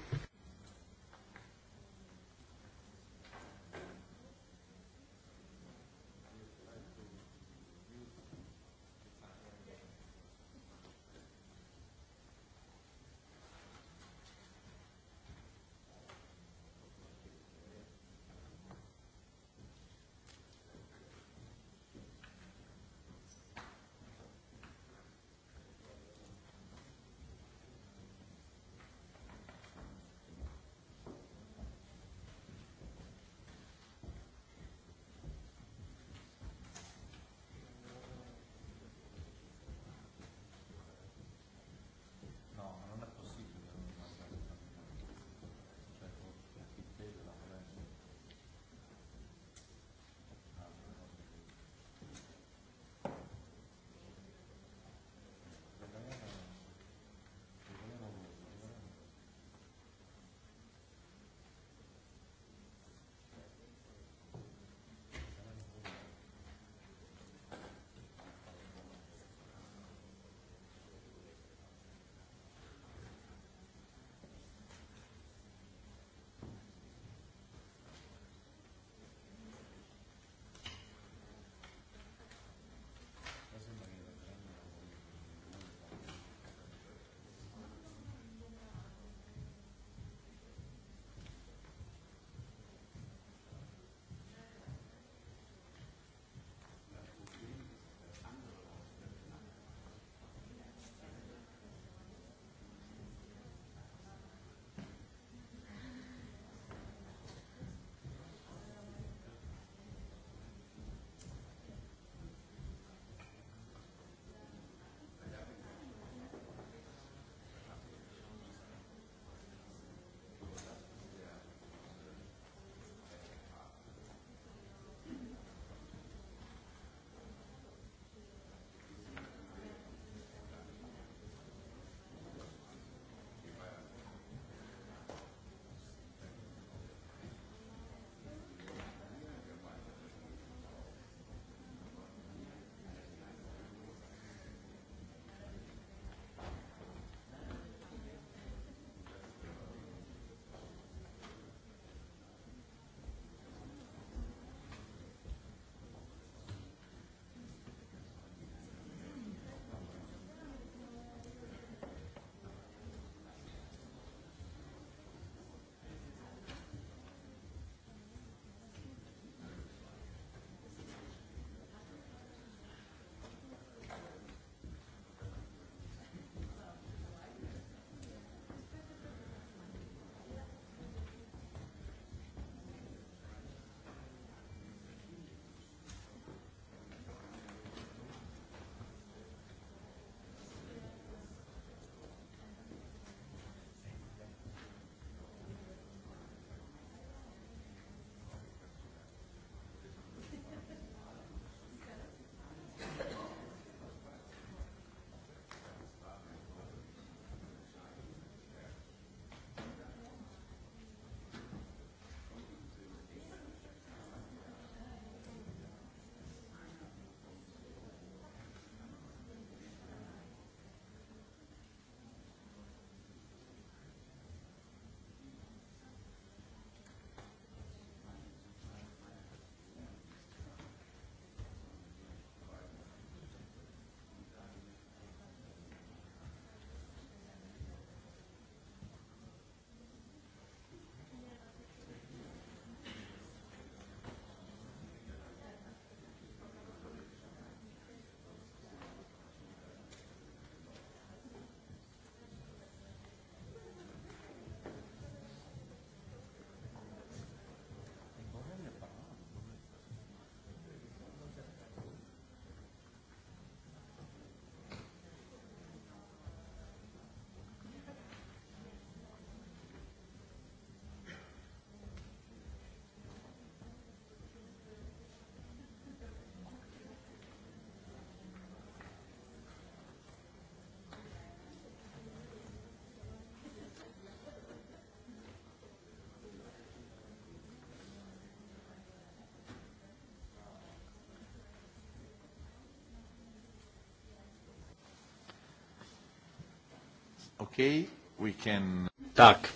Okay, we can... Tak,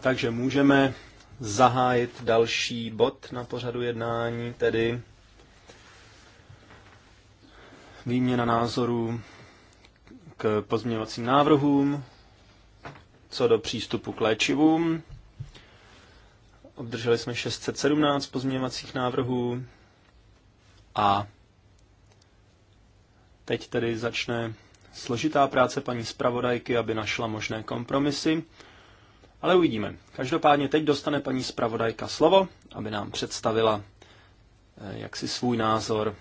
takže můžeme zahájit další bod na pořadu jednání, tedy výměna názorů k pozměňovacím návrhům, co do přístupu k léčivům. Obdrželi jsme 617 pozměňovacích návrhů a teď tedy začne složitá práce paní zpravodajky, aby našla možné kompromisy, ale uvidíme. Každopádně teď dostane paní zpravodajka slovo, aby nám představila eh, jaksi svůj názor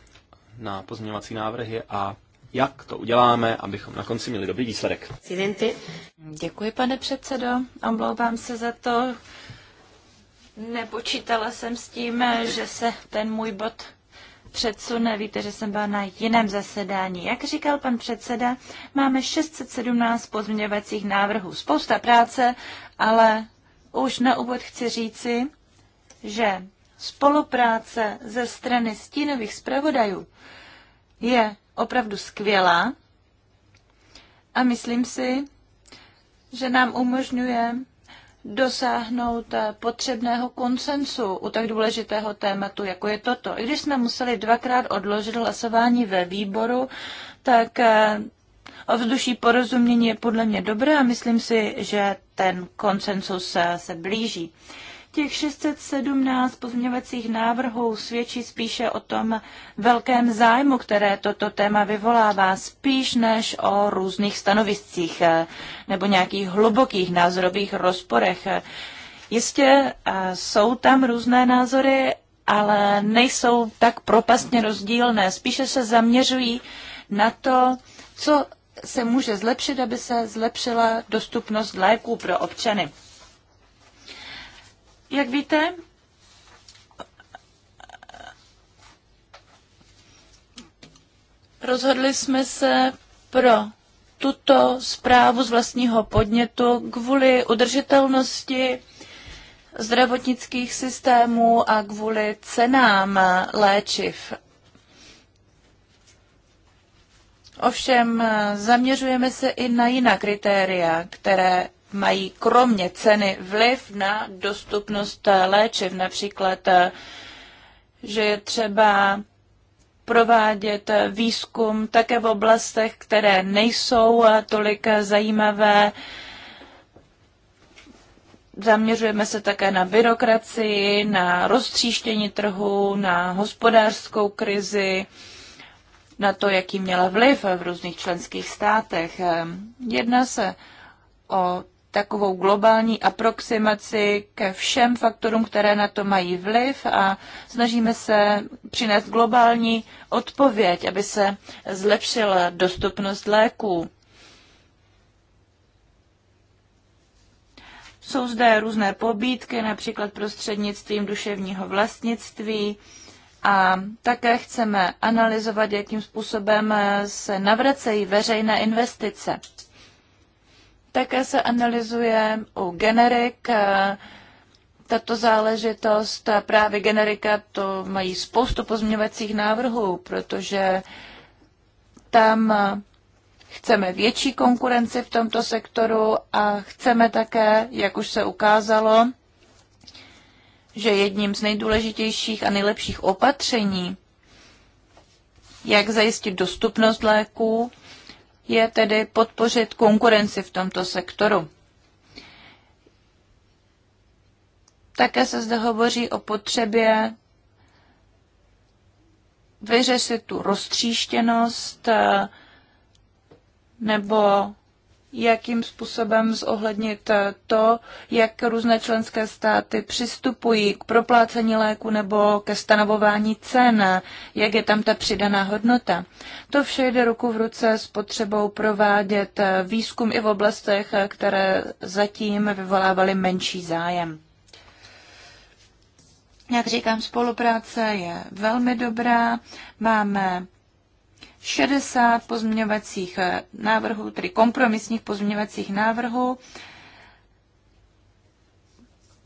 na pozměňovací návrhy a jak to uděláme, abychom na konci měli dobrý výsledek. Děkuji, pane předsedo. Omlouvám se za to. Nepočítala jsem s tím, eh, že se ten můj bod předsune. Víte, že jsem byla na jiném zasedání. Jak říkal pan předseda, máme 617 pozměňovacích návrhů. Spousta práce, ale už na úvod chci říci, že spolupráce ze strany stínových zpravodajů je opravdu skvělá a myslím si, že nám umožňuje dosáhnout eh, potřebného konsensu u tak důležitého tématu, jako je toto. I když jsme museli dvakrát odložit hlasování ve výboru, tak eh, ovzduší porozumění je podle mě dobré a myslím si, že ten konsensus eh, se blíží. Těch 617 pozměňovacích návrhů svědčí spíše o tom velkém zájmu, které toto téma vyvolává, spíš než o různých stanoviscích eh, nebo nějakých hlubokých názorových rozporech. Jistě eh, jsou tam různé názory, ale nejsou tak propastně rozdílné. Spíše se zaměřují na to, co se může zlepšit, aby se zlepšila dostupnost léků pro občany. Jak víte, rozhodli jsme se pro tuto zprávu z vlastního podnětu kvůli udržitelnosti zdravotnických systémů a kvůli cenám léčiv. Ovšem zaměřujeme se i na jiná kritéria, které mají kromě ceny vliv na dostupnost léčiv, například, eh, že je třeba provádět výzkum také v oblastech, které nejsou eh, tolik zajímavé. Zaměřujeme se také na byrokracii, na roztříštění trhu, na hospodářskou krizi, na to, jaký měla vliv v různých členských státech. Jedná se o takovou globální aproximaci ke všem faktorům, které na to mají vliv a snažíme se přinést globální odpověď, aby se zlepšila dostupnost léků. Jsou zde různé pobídky, například prostřednictvím duševního vlastnictví a také chceme analyzovat, jakým způsobem se navracejí veřejné investice. Také se analyzuje u generik eh, tato záležitost. Právě generika to mají spoustu pozměňovacích návrhů, protože tam eh, chceme větší konkurenci v tomto sektoru a chceme také, jak už se ukázalo, že jedním z nejdůležitějších a nejlepších opatření, jak zajistit dostupnost léků, je tedy podpořit konkurenci v tomto sektoru. Také se zde hovoří o potřebě vyřešit tu roztříštěnost eh, nebo jakým způsobem zohlednit to, jak různé členské státy přistupují k proplácení léku nebo ke stanovování cen, jak je tam ta přidaná hodnota. To vše jde ruku v ruce s potřebou provádět výzkum i v oblastech, které zatím vyvolávaly menší zájem. Jak říkám, spolupráce je velmi dobrá. Máme 60 pozměňovacích eh, návrhů, tedy kompromisních pozměňovacích návrhů,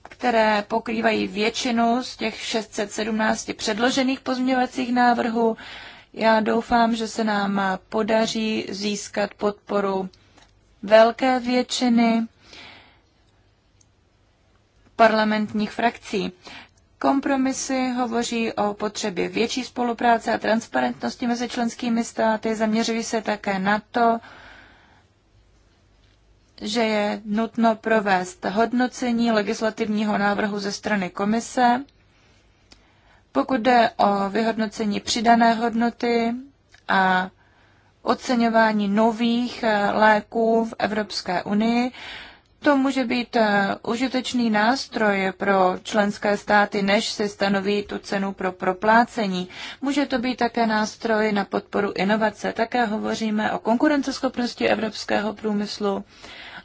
které pokrývají většinu z těch 617 předložených pozměňovacích návrhů. Já doufám, že se nám podaří získat podporu velké většiny parlamentních frakcí. Kompromisy hovoří o potřebě větší spolupráce a transparentnosti mezi členskými státy, zaměřují se také na to, že je nutno provést hodnocení legislativního návrhu ze strany komise. Pokud jde o vyhodnocení přidané hodnoty a oceňování nových eh, léků v Evropské unii, to může být eh, užitečný nástroj pro členské státy, než se stanoví tu cenu pro proplácení. Může to být také nástroj na podporu inovace. Také hovoříme o konkurenceschopnosti evropského průmyslu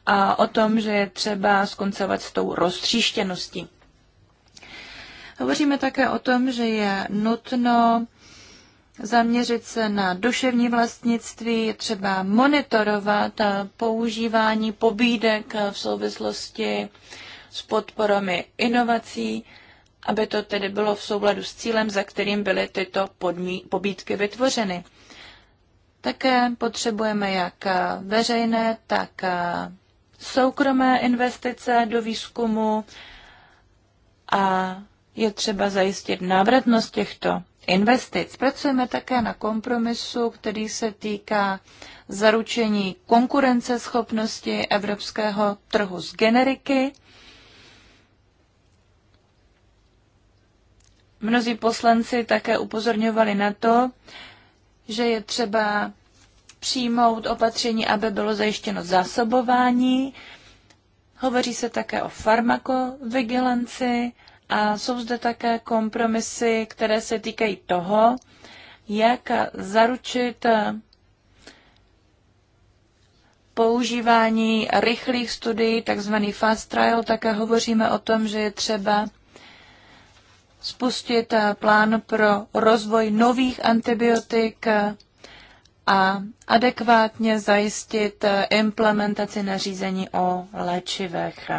a o tom, že je třeba skoncovat s tou roztříštěností. Hovoříme také o tom, že je nutno zaměřit se na duševní vlastnictví, třeba monitorovat používání pobídek v souvislosti s podporami inovací, aby to tedy bylo v souladu s cílem, za kterým byly tyto podmí- pobídky vytvořeny. Také potřebujeme jak veřejné, tak soukromé investice do výzkumu a je třeba zajistit návratnost těchto investic. Pracujeme také na kompromisu, který se týká zaručení konkurenceschopnosti evropského trhu s generiky. Mnozí poslanci také upozorňovali na to, že je třeba přijmout opatření, aby bylo zajištěno zásobování. Hovoří se také o farmakovigilanci, a jsou zde také kompromisy, které se týkají toho, jak zaručit eh, používání rychlých studií, takzvaný fast trial, také hovoříme o tom, že je třeba spustit eh, plán pro rozvoj nových antibiotik eh, a adekvátně zajistit implementaci nařízení o léčivech.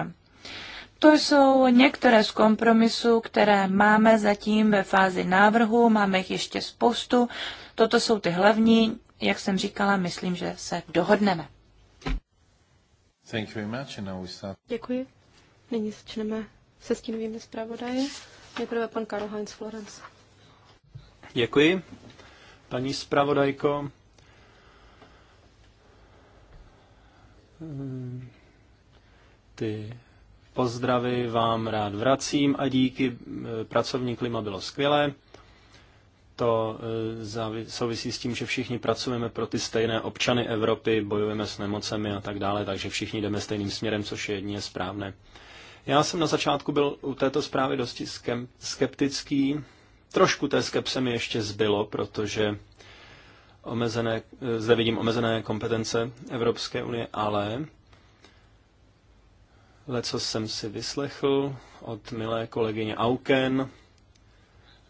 To jsou některé z kompromisů, které máme zatím ve fázi návrhu, máme jich ještě spoustu. Toto jsou ty hlavní, jak jsem říkala, myslím, že se dohodneme. Děkuji. Nyní začneme se stínovými zpravodaji. Nejprve pan Karl Heinz Florence. Děkuji. Paní zpravodajko, eh, ty Pozdravy vám rád vracím a díky. E, pracovní klima bylo skvělé. To e, souvisí s tím, že všichni pracujeme pro ty stejné občany Evropy, bojujeme s nemocemi a tak dále, takže všichni jdeme stejným směrem, což je jedině správné. Já jsem na začátku byl u této zprávy dosti skeptický. Trošku té skepse mi ještě zbylo, protože omezené, e, zde vidím omezené kompetence Evropské unie, ale Leco jsem si vyslechl od milé kolegyně Auken,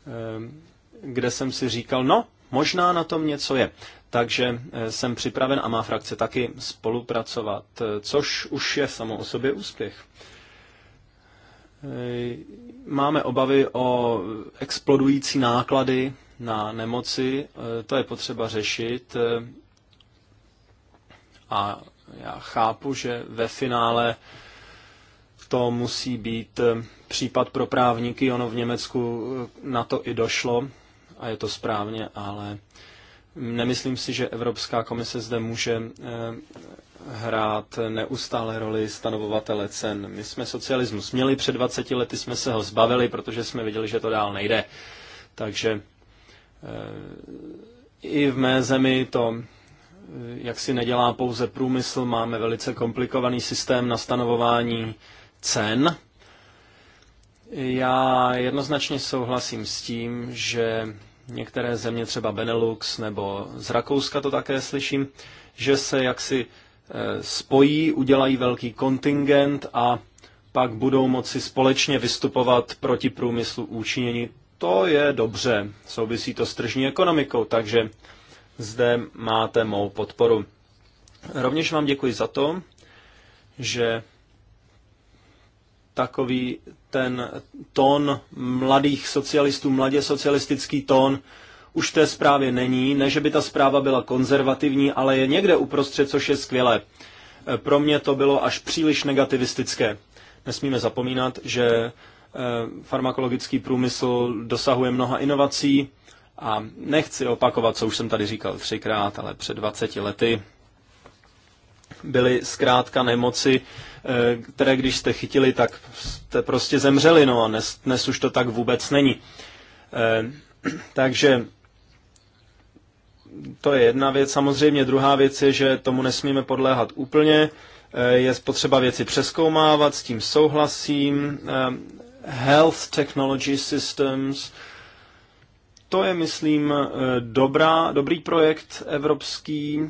ehm, kde jsem si říkal, no, možná na tom něco je. Takže eh, jsem připraven a má frakce taky spolupracovat, eh, což už je samo o sobě úspěch. Eh, máme obavy o explodující náklady na nemoci, to je potřeba řešit. A já chápu, že ve finále to musí být eh, případ pro právníky. Ono v Německu eh, na to i došlo a je to správně, ale nemyslím si, že Evropská komise zde může eh, hrát neustále roli stanovovatele cen. My jsme socialismus měli před 20 lety, jsme se ho zbavili, protože jsme viděli, že to dál nejde. Takže i v mé zemi to jak si nedělá pouze průmysl, máme velice komplikovaný systém na stanovování cen. Já jednoznačně souhlasím s tím, že některé země, třeba Benelux nebo z Rakouska to také slyším, že se jaksi eh, spojí, udělají velký kontingent a pak budou moci společně vystupovat proti průmyslu účinnění. To je dobře, souvisí to s tržní ekonomikou, takže zde máte mou podporu. Rovněž vám děkuji za to, že takový ten tón mladých socialistů, mladě socialistický tón, už té zprávě není. Ne, že by ta zpráva byla konzervativní, ale je někde uprostřed, což je skvělé. E, pro mě to bylo až příliš negativistické. Nesmíme zapomínat, že e, farmakologický průmysl dosahuje mnoha inovací a nechci opakovat, co už jsem tady říkal třikrát, ale před 20 lety byly zkrátka nemoci, Eh, které když jste chytili, tak jste prostě zemřeli, no a dnes, dnes už to tak vůbec není. Eh, *clears throat* takže to je jedna věc. Samozřejmě druhá věc je, že tomu nesmíme podléhat úplně. Eh, je potřeba věci přeskoumávat, s tím souhlasím. Health Technology Systems, to je, myslím, dobrá, dobrý projekt evropský.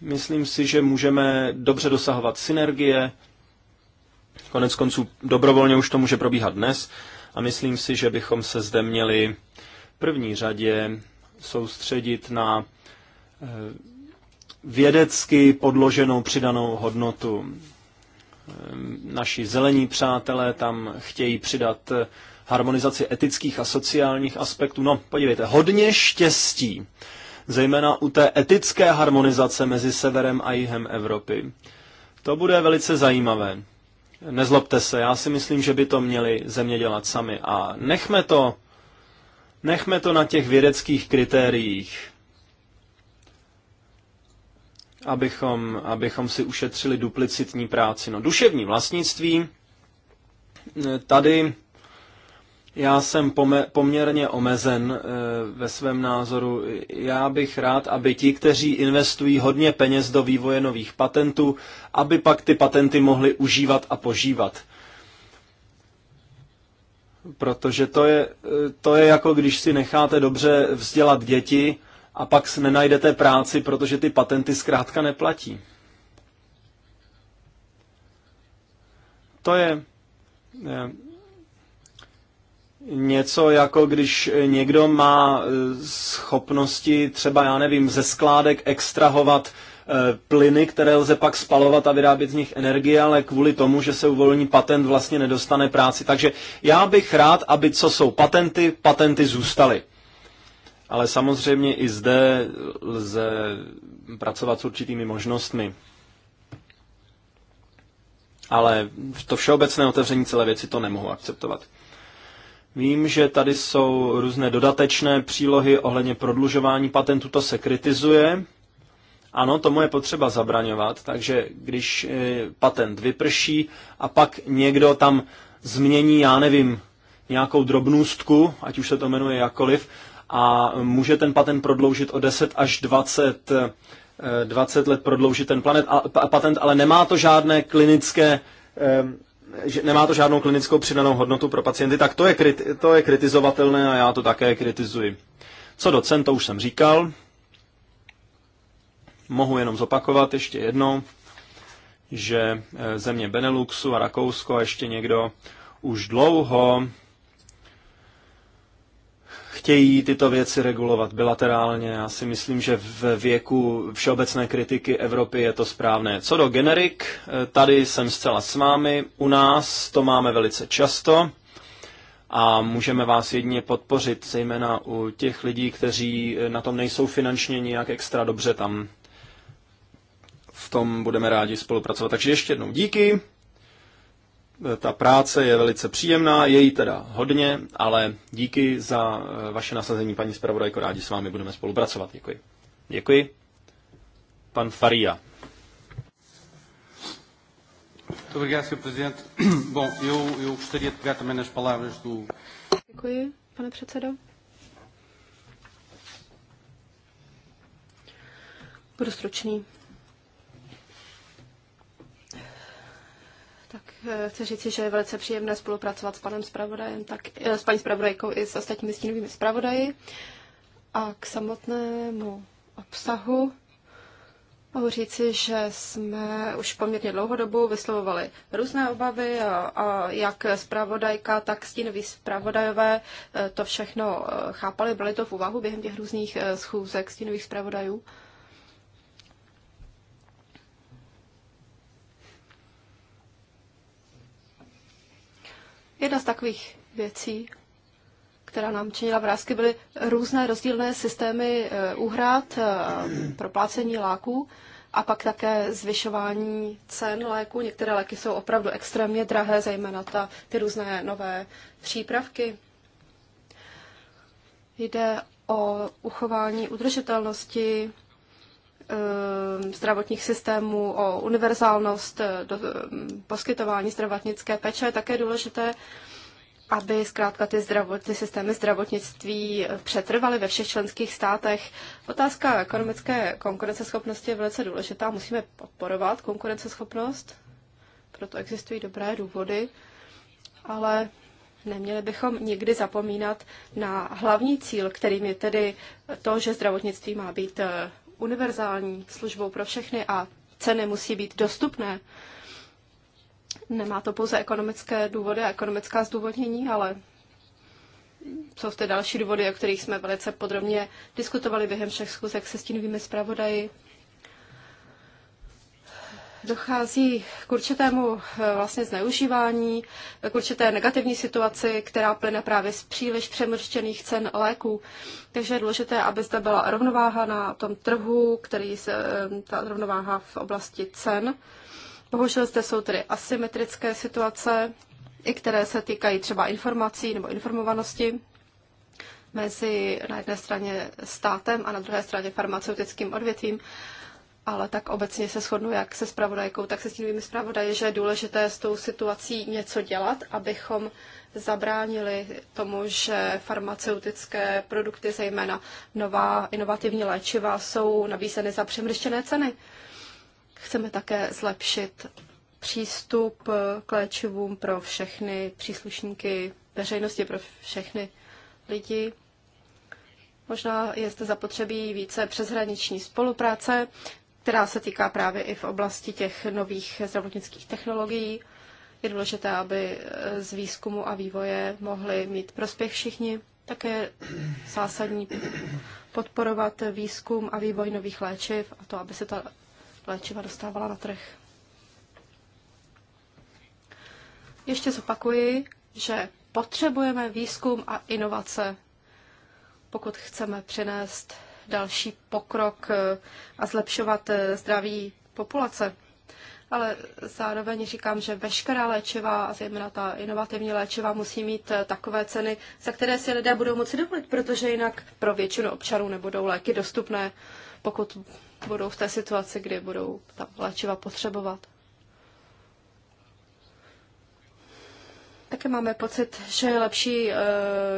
Myslím si, že můžeme dobře dosahovat synergie Konec konců dobrovolně už to může probíhat dnes a myslím si, že bychom se zde měli v první řadě soustředit na eh, vědecky podloženou přidanou hodnotu. Eh, naši zelení přátelé tam chtějí přidat eh, harmonizaci etických a sociálních aspektů. No, podívejte, hodně štěstí, zejména u té etické harmonizace mezi severem a jihem Evropy. To bude velice zajímavé. Nezlobte se, já si myslím, že by to měli země dělat sami. A nechme to, nechme to na těch vědeckých kritériích, abychom, abychom si ušetřili duplicitní práci. No, duševní vlastnictví, eh, tady já jsem poměrně omezen eh, ve svém názoru. Já bych rád, aby ti, kteří investují hodně peněz do vývoje nových patentů, aby pak ty patenty mohli užívat a požívat. Protože to je, eh, to je jako když si necháte dobře vzdělat děti a pak si nenajdete práci, protože ty patenty zkrátka neplatí. To je, je eh, něco jako když někdo má e, schopnosti třeba, já nevím, ze skládek extrahovat e, plyny, které lze pak spalovat a vyrábět z nich energie, ale kvůli tomu, že se uvolní patent, vlastně nedostane práci. Takže já bych rád, aby co jsou patenty, patenty zůstaly. Ale samozřejmě i zde lze pracovat s určitými možnostmi. Ale to všeobecné otevření celé věci to nemohu akceptovat. Vím, že tady jsou různé dodatečné přílohy ohledně prodlužování patentu, to se kritizuje. Ano, tomu je potřeba zabraňovat, takže když e, patent vyprší a pak někdo tam změní, já nevím, nějakou drobnůstku, ať už se to jmenuje jakoliv, a může ten patent prodloužit o 10 až 20, 20 e, let prodloužit ten planet, a, patent, ale nemá to žádné klinické e, že nemá to žádnou klinickou přidanou hodnotu pro pacienty, tak to je, kriti- to je kritizovatelné a já to také kritizuji. Co do cen, to už jsem říkal. Mohu jenom zopakovat ještě jednou, že eh, země Beneluxu a Rakousko a ještě někdo už dlouho chtějí tyto věci regulovat bilaterálně. Já si myslím, že v věku všeobecné kritiky Evropy je to správné. Co do generik, eh, tady jsem zcela s vámi. U nás to máme velice často a můžeme vás jedině podpořit, zejména u těch lidí, kteří eh, na tom nejsou finančně nějak extra dobře tam. V tom budeme rádi spolupracovat. Takže ještě jednou díky. Ta práce je velice příjemná, je jí teda hodně, ale díky za eh, vaše nasazení, paní zpravodajko, rádi s vámi budeme spolupracovat. Děkuji. Děkuji. Pan Faria. *clears throat* Bom, Děkuji, pane předsedo. Budu stručný. chci říct, že je velice příjemné spolupracovat s panem zpravodajem, tak, eh, s paní zpravodajkou i s ostatními stínovými zpravodaji. A k samotnému obsahu mohu říci, že jsme už poměrně dlouho dobu vyslovovali různé obavy a, a jak zpravodajka, tak stínoví zpravodajové eh, to všechno eh, chápali, brali to v úvahu během těch různých schůzek stínových zpravodajů. Jedna z takových věcí, která nám činila vrázky, byly různé rozdílné systémy eh, úhrad, eh, proplácení láků a pak také zvyšování cen léku. Některé léky jsou opravdu extrémně drahé, zejména ta, ty různé nové přípravky. Jde o uchování udržitelnosti Eh, zdravotních systémů, o univerzálnost eh, do, eh, poskytování zdravotnické péče je také důležité, aby zkrátka ty, zdravot, ty systémy zdravotnictví přetrvaly ve všech členských státech. Otázka ekonomické konkurenceschopnosti je velice důležitá. Musíme podporovat konkurenceschopnost, proto existují dobré důvody, ale Neměli bychom nikdy zapomínat na hlavní cíl, kterým je tedy to, že zdravotnictví má být univerzální službou pro všechny a ceny musí být dostupné. Nemá to pouze ekonomické důvody a ekonomická zdůvodnění, ale jsou zde další důvody, o kterých jsme velice podrobně diskutovali během všech schůzek se stínovými zpravodaji dochází k určitému eh, vlastně zneužívání, k určité negativní situaci, která plyne právě z příliš přemrštěných cen léků. Takže je důležité, aby zde byla rovnováha na tom trhu, který se, eh, ta rovnováha v oblasti cen. Bohužel zde jsou tedy asymetrické situace, i které se týkají třeba informací nebo informovanosti mezi na jedné straně státem a na druhé straně farmaceutickým odvětvím ale tak obecně se shodnu jak se zpravodajkou, tak se s tím zpravodaji, že je důležité s tou situací něco dělat, abychom zabránili tomu, že farmaceutické produkty, zejména nová inovativní léčiva, jsou nabízeny za přemrštěné ceny. Chceme také zlepšit přístup k léčivům pro všechny příslušníky veřejnosti, pro všechny lidi. Možná je zde zapotřebí více přeshraniční spolupráce která se týká právě i v oblasti těch nových zdravotnických technologií. Je důležité, aby eh, z výzkumu a vývoje mohli mít prospěch všichni. Také zásadní podporovat výzkum a vývoj nových léčiv a to, aby se ta léčiva dostávala na trh. Ještě zopakuji, že potřebujeme výzkum a inovace, pokud chceme přinést další pokrok eh, a zlepšovat eh, zdraví populace. Ale zároveň říkám, že veškerá léčiva, a zejména ta inovativní léčiva, musí mít eh, takové ceny, za které si lidé budou moci dovolit, protože jinak pro většinu občanů nebudou léky dostupné, pokud budou v té situaci, kdy budou ta léčiva potřebovat. Také máme pocit, že je, lepší,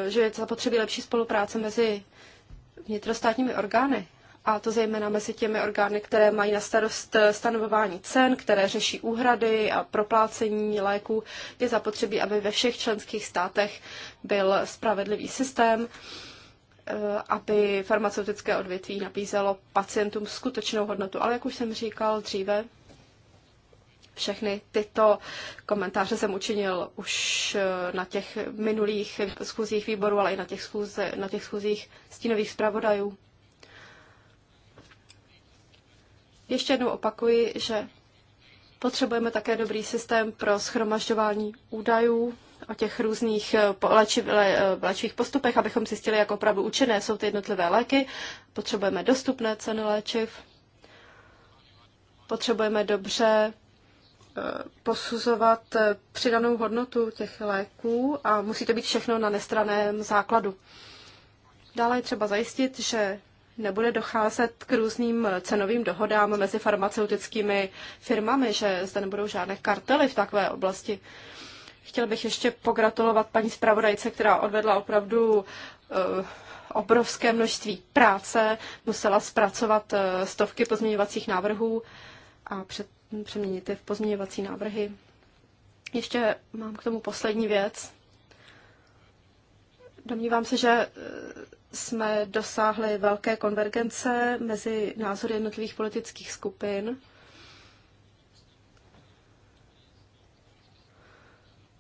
že je zapotřebí lepší spolupráce mezi vnitrostátními orgány, a to zejména mezi těmi orgány, které mají na starost eh, stanovování cen, které řeší úhrady a proplácení léků, je zapotřebí, aby ve všech členských státech byl spravedlivý systém, eh, aby farmaceutické odvětví nabízelo pacientům skutečnou hodnotu. Ale jak už jsem říkal dříve, všechny tyto komentáře jsem učinil už eh, na těch minulých schůzích výboru, ale i na těch, schůze, na těch schůzích stínových zpravodajů. Ještě jednou opakuji, že potřebujeme také dobrý systém pro schromažďování údajů o těch různých eh, eh, léčivých postupech, abychom zjistili, jak opravdu účinné jsou ty jednotlivé léky. Potřebujeme dostupné ceny léčiv, potřebujeme dobře posuzovat eh, přidanou hodnotu těch léků a musí to být všechno na nestraném základu. Dále je třeba zajistit, že nebude docházet k různým cenovým dohodám mezi farmaceutickými firmami, že zde nebudou žádné kartely v takové oblasti. Chtěl bych ještě pogratulovat paní zpravodajce, která odvedla opravdu eh, obrovské množství práce, musela zpracovat eh, stovky pozměňovacích návrhů a před přeměnit je v pozměňovací návrhy. Ještě mám k tomu poslední věc. Domnívám se, že e, jsme dosáhli velké konvergence mezi názory jednotlivých politických skupin.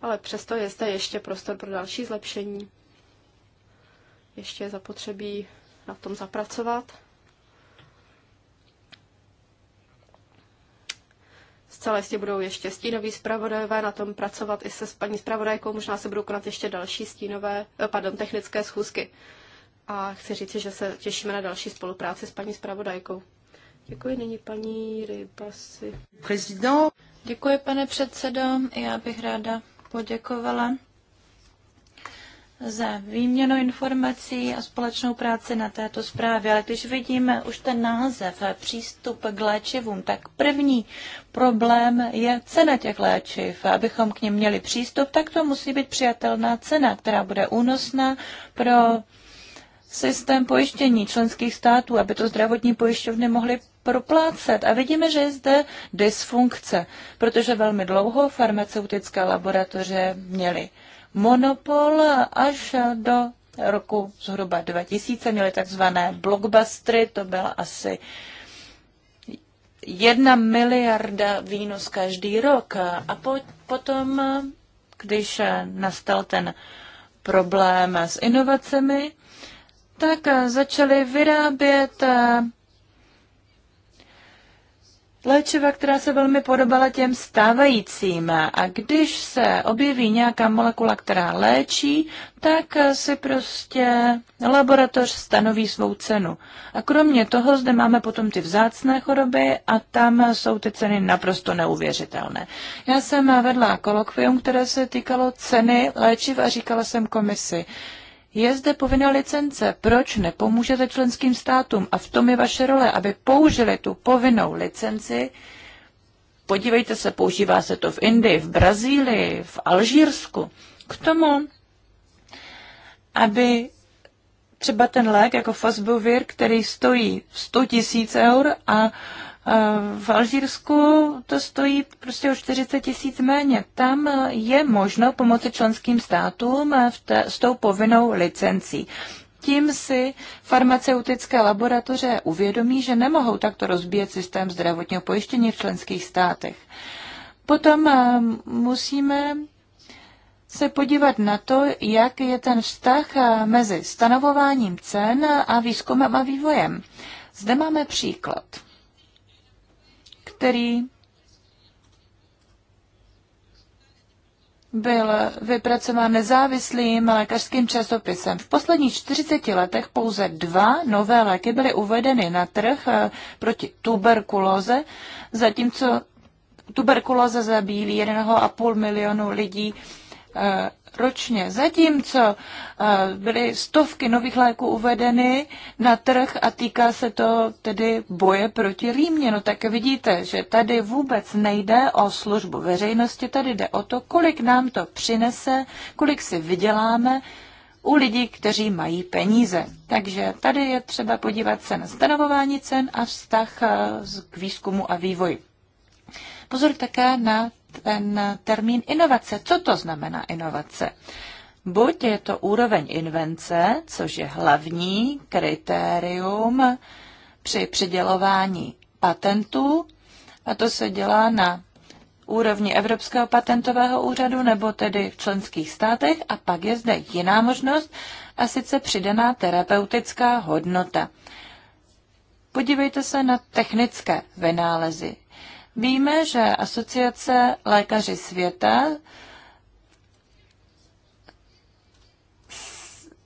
Ale přesto je zde ještě prostor pro další zlepšení. Ještě je zapotřebí na tom zapracovat. Zcela jistě budou ještě stínoví zpravodajové na tom pracovat i se s paní zpravodajkou. Možná se budou konat ještě další stínové, eh, pardon, technické schůzky. A chci říct, že se těšíme na další spolupráci s paní zpravodajkou. Děkuji, nyní paní Rybasi. Prezident. Děkuji, pane předsedo. Já bych ráda poděkovala za výměnu informací a společnou práci na této zprávě. Ale když vidíme už ten název přístup k léčivům, tak první problém je cena těch léčiv. Abychom k ním měli přístup, tak to musí být přijatelná cena, která bude únosná pro systém pojištění členských států, aby to zdravotní pojišťovny mohly proplácet. A vidíme, že je zde dysfunkce, protože velmi dlouho farmaceutické laboratoře měly monopol až do roku zhruba 2000. Měli takzvané blockbustery, to byla asi jedna miliarda výnos každý rok. A po, potom, když nastal ten problém s inovacemi, tak začali vyrábět léčiva, která se velmi podobala těm stávajícím. A když se objeví nějaká molekula, která léčí, tak si prostě laboratoř stanoví svou cenu. A kromě toho zde máme potom ty vzácné choroby a tam jsou ty ceny naprosto neuvěřitelné. Já jsem vedla kolokvium, které se týkalo ceny léčiv a říkala jsem komisi, je zde povinná licence. Proč nepomůžete členským státům? A v tom je vaše role, aby použili tu povinnou licenci. Podívejte se, používá se to v Indii, v Brazílii, v Alžírsku. K tomu, aby třeba ten lék jako Fosbuvir, který stojí 100 000 eur a Eh, v Alžírsku to stojí prostě o 40 tisíc méně. Tam je možno pomoci členským státům eh, v t- s tou povinnou licencí. Tím si farmaceutické laboratoře uvědomí, že nemohou takto rozbíjet systém zdravotního pojištění v členských státech. Potom eh, musíme se podívat na to, jak je ten vztah mezi stanovováním cen a výzkumem a vývojem. Zde máme příklad který byl vypracován nezávislým lékařským časopisem. V posledních 40 letech pouze dva nové léky byly uvedeny na trh eh, proti tuberkulóze, zatímco tuberkulóza zabíjí 1,5 milionu lidí eh, ročně, zatímco eh, byly stovky nových léků uvedeny na trh a týká se to tedy boje proti rýmě. No tak vidíte, že tady vůbec nejde o službu veřejnosti, tady jde o to, kolik nám to přinese, kolik si vyděláme u lidí, kteří mají peníze. Takže tady je třeba podívat se na stanovování cen a vztah eh, k výzkumu a vývoji. Pozor také na ten termín inovace. Co to znamená inovace? Buď je to úroveň invence, což je hlavní kritérium při přidělování patentů, a to se dělá na úrovni Evropského patentového úřadu nebo tedy v členských státech a pak je zde jiná možnost a sice přidaná terapeutická hodnota. Podívejte se na technické vynálezy. Víme, že asociace lékaři světa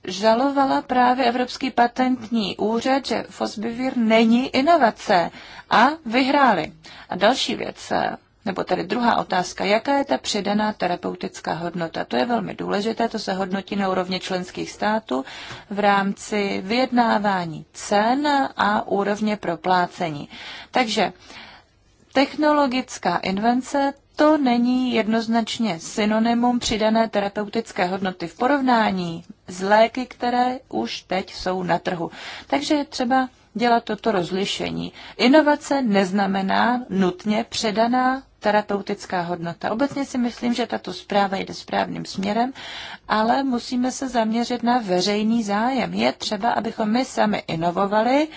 žalovala právě Evropský patentní úřad, že fosbivir není inovace a vyhráli. A další věc, nebo tedy druhá otázka, jaká je ta přidaná terapeutická hodnota? To je velmi důležité, to se hodnotí na úrovni členských států v rámci vyjednávání cen a úrovně proplácení. Takže Technologická invence to není jednoznačně synonymum přidané terapeutické hodnoty v porovnání s léky, které už teď jsou na trhu. Takže je třeba dělat toto rozlišení. Inovace neznamená nutně předaná terapeutická hodnota. Obecně si myslím, že tato zpráva jde správným směrem, ale musíme se zaměřit na veřejný zájem. Je třeba, abychom my sami inovovali,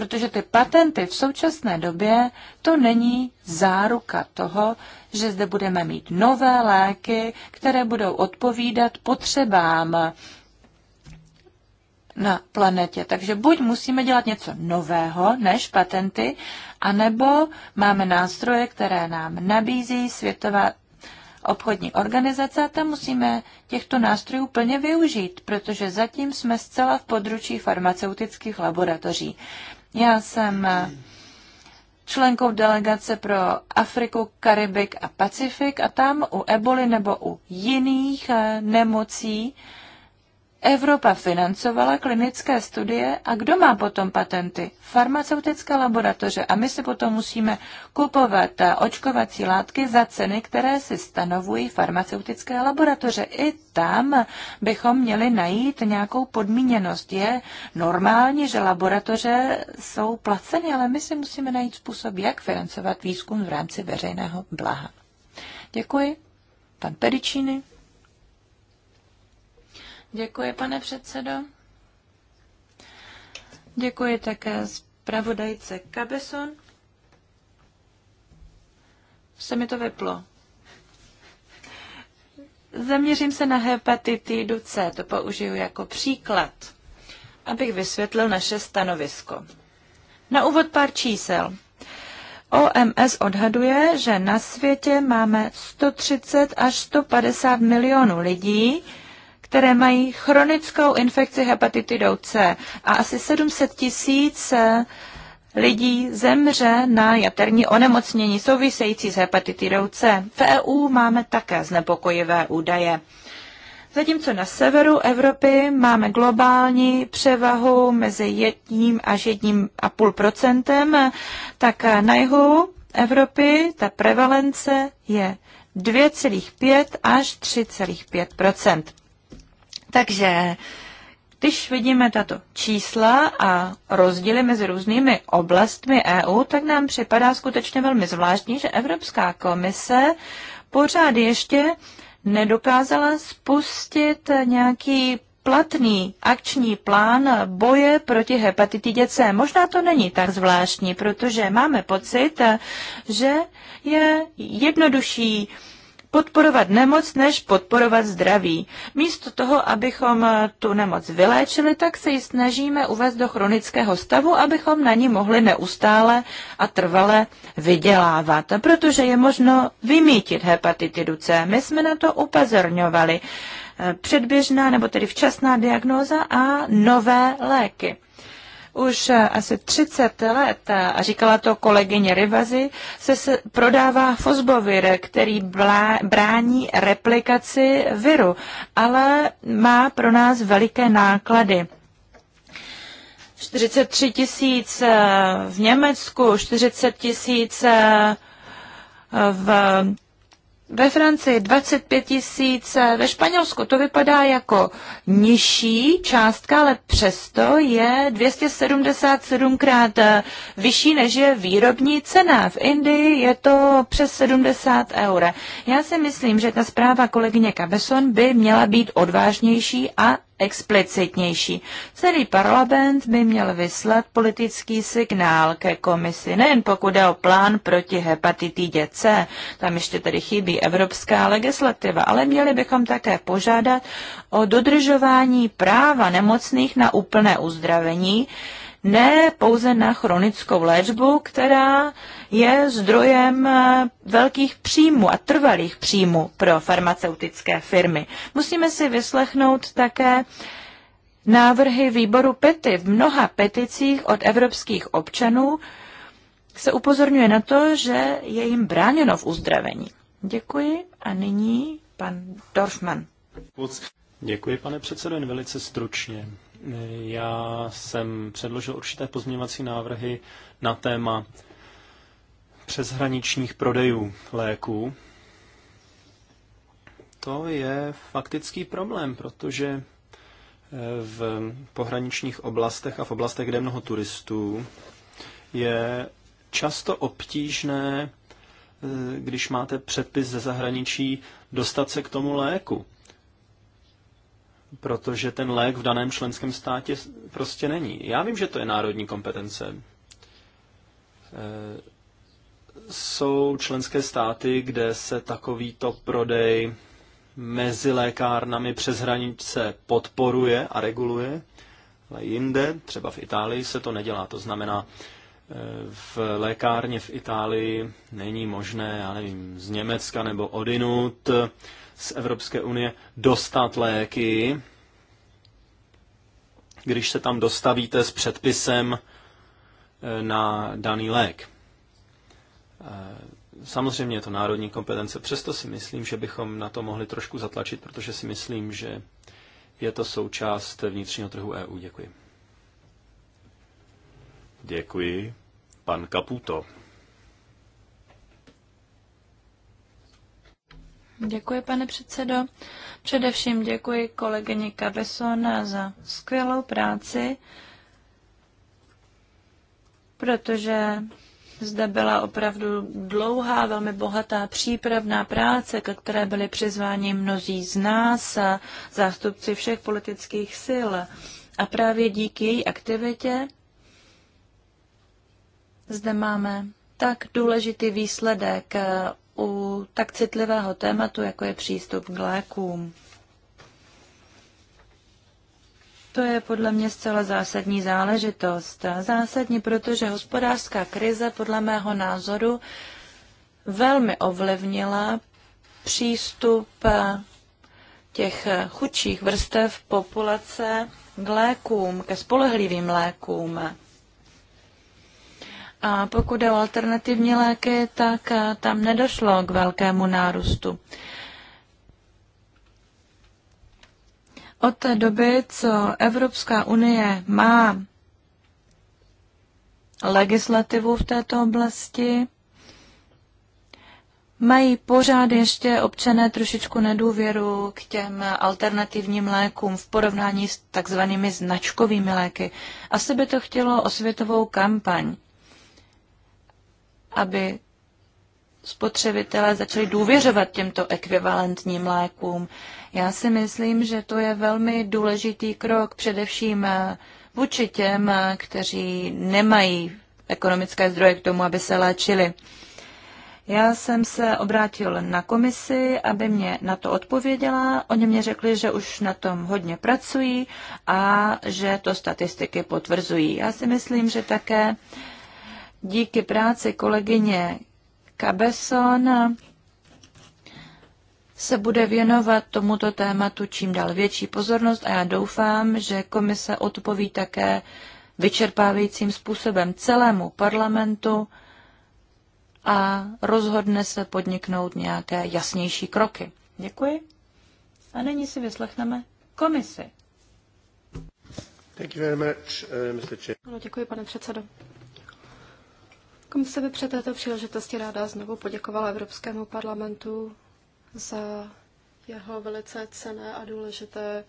protože ty patenty v současné době to není záruka toho, že zde budeme mít nové léky, které budou odpovídat potřebám na planetě. Takže buď musíme dělat něco nového než patenty, anebo máme nástroje, které nám nabízí Světová obchodní organizace a tam musíme těchto nástrojů plně využít, protože zatím jsme zcela v područí farmaceutických laboratoří. Já jsem eh, členkou delegace pro Afriku, Karibik a Pacifik a tam u eboli nebo u jiných eh, nemocí Evropa financovala klinické studie a kdo má potom patenty? Farmaceutické laboratoře a my si potom musíme kupovat očkovací látky za ceny, které si stanovují farmaceutické laboratoře. I tam bychom měli najít nějakou podmíněnost. Je normální, že laboratoře jsou placeny, ale my si musíme najít způsob, jak financovat výzkum v rámci veřejného blaha. Děkuji. Pan Pericini. Děkuji, pane předsedo. Děkuji také zpravodajce Kabeson. Se mi to vyplo. Zaměřím se na hepatitidu C, to použiju jako příklad, abych vysvětlil naše stanovisko. Na úvod pár čísel. OMS odhaduje, že na světě máme 130 až 150 milionů lidí, které mají chronickou infekci hepatitidou C a asi 700 tisíc eh, lidí zemře na jaterní onemocnění související s hepatitidou C. V EU máme také znepokojivé údaje. Zatímco na severu Evropy máme globální převahu mezi jedním až jedním a půl procentem, tak na jihu Evropy ta prevalence je 2,5 až 3,5 takže když vidíme tato čísla a rozdíly mezi různými oblastmi EU, tak nám připadá skutečně velmi zvláštní, že Evropská komise pořád ještě nedokázala spustit nějaký platný akční plán boje proti hepatitidě C. Možná to není tak zvláštní, protože máme pocit, že je jednodušší podporovat nemoc, než podporovat zdraví. Místo toho, abychom eh, tu nemoc vyléčili, tak se ji snažíme uvést do chronického stavu, abychom na ní mohli neustále a trvale vydělávat, protože je možno vymítit hepatitidu C. My jsme na to upozorňovali. Eh, předběžná nebo tedy včasná diagnóza a nové léky už eh, asi 30 let, eh, a říkala to kolegyně Rivazi, se, se prodává fosbovir, který blá, brání replikaci viru, ale má pro nás veliké náklady. 43 tisíc eh, v Německu, 40 tisíc v ve Francii 25 tisíc, eh, ve Španělsku to vypadá jako nižší částka, ale přesto je 277 krát eh, vyšší, než je výrobní cena. V Indii je to přes 70 eur. Já si myslím, že ta zpráva kolegyně Cabeson by měla být odvážnější a explicitnější. Celý parlament by měl vyslat politický signál ke komisi, nejen pokud je o plán proti hepatitidě C, tam ještě tedy chybí evropská legislativa, ale měli bychom také požádat o dodržování práva nemocných na úplné uzdravení, ne pouze na chronickou léčbu, která je zdrojem eh, velkých příjmů a trvalých příjmů pro farmaceutické firmy. Musíme si vyslechnout také návrhy výboru pety. V mnoha peticích od evropských občanů se upozorňuje na to, že je jim bráněno v uzdravení. Děkuji a nyní pan Dorfman. Děkuji, pane předsedo, velice stručně. Já jsem předložil určité pozměňovací návrhy na téma přeshraničních prodejů léků. To je faktický problém, protože eh, v pohraničních oblastech a v oblastech, kde je mnoho turistů, je často obtížné, eh, když máte předpis ze zahraničí, dostat se k tomu léku protože ten lék v daném členském státě prostě není. Já vím, že to je národní kompetence. E, jsou členské státy, kde se takovýto prodej mezi lékárnami přes hranice podporuje a reguluje, ale jinde, třeba v Itálii, se to nedělá. To znamená, e, v lékárně v Itálii není možné, já nevím, z Německa nebo odinut z Evropské unie dostat léky, když se tam dostavíte s předpisem eh, na daný lék. Eh, samozřejmě je to národní kompetence, přesto si myslím, že bychom na to mohli trošku zatlačit, protože si myslím, že je to součást vnitřního trhu EU. Děkuji. Děkuji. Pan Caputo. Děkuji, pane předsedo. Především děkuji kolegyni Cabeson za skvělou práci, protože zde byla opravdu dlouhá, velmi bohatá přípravná práce, ke které byly přizváni mnozí z nás, a zástupci všech politických sil. A právě díky její aktivitě zde máme tak důležitý výsledek u tak citlivého tématu, jako je přístup k lékům. To je podle mě zcela zásadní záležitost. Zásadní, protože hospodářská krize podle mého názoru velmi ovlivnila přístup eh, těch chudších vrstev populace k lékům, ke spolehlivým lékům. A pokud je o alternativní léky, tak eh, tam nedošlo k velkému nárůstu. Od té doby, co Evropská unie má legislativu v této oblasti, mají pořád ještě občané trošičku nedůvěru k těm alternativním lékům v porovnání s takzvanými značkovými léky. Asi by to chtělo osvětovou kampaň aby spotřebitelé začali důvěřovat těmto ekvivalentním lékům. Já si myslím, že to je velmi důležitý krok především eh, vůči těm, eh, kteří nemají ekonomické zdroje k tomu, aby se léčili. Já jsem se obrátil na komisi, aby mě na to odpověděla. Oni mě řekli, že už na tom hodně pracují a že to statistiky potvrzují. Já si myslím, že také uh, díky práci kolegyně Cabesona se bude věnovat tomuto tématu čím dál větší pozornost a já doufám, že komise odpoví také vyčerpávajícím způsobem celému parlamentu a rozhodne se podniknout nějaké jasnější kroky. Děkuji. A nyní si vyslechneme komisi. Thank you very much, uh, Mr. děkuji, pane předsedo. Komise by při této příležitosti ráda znovu poděkovala Evropskému parlamentu za jeho velice cené a důležité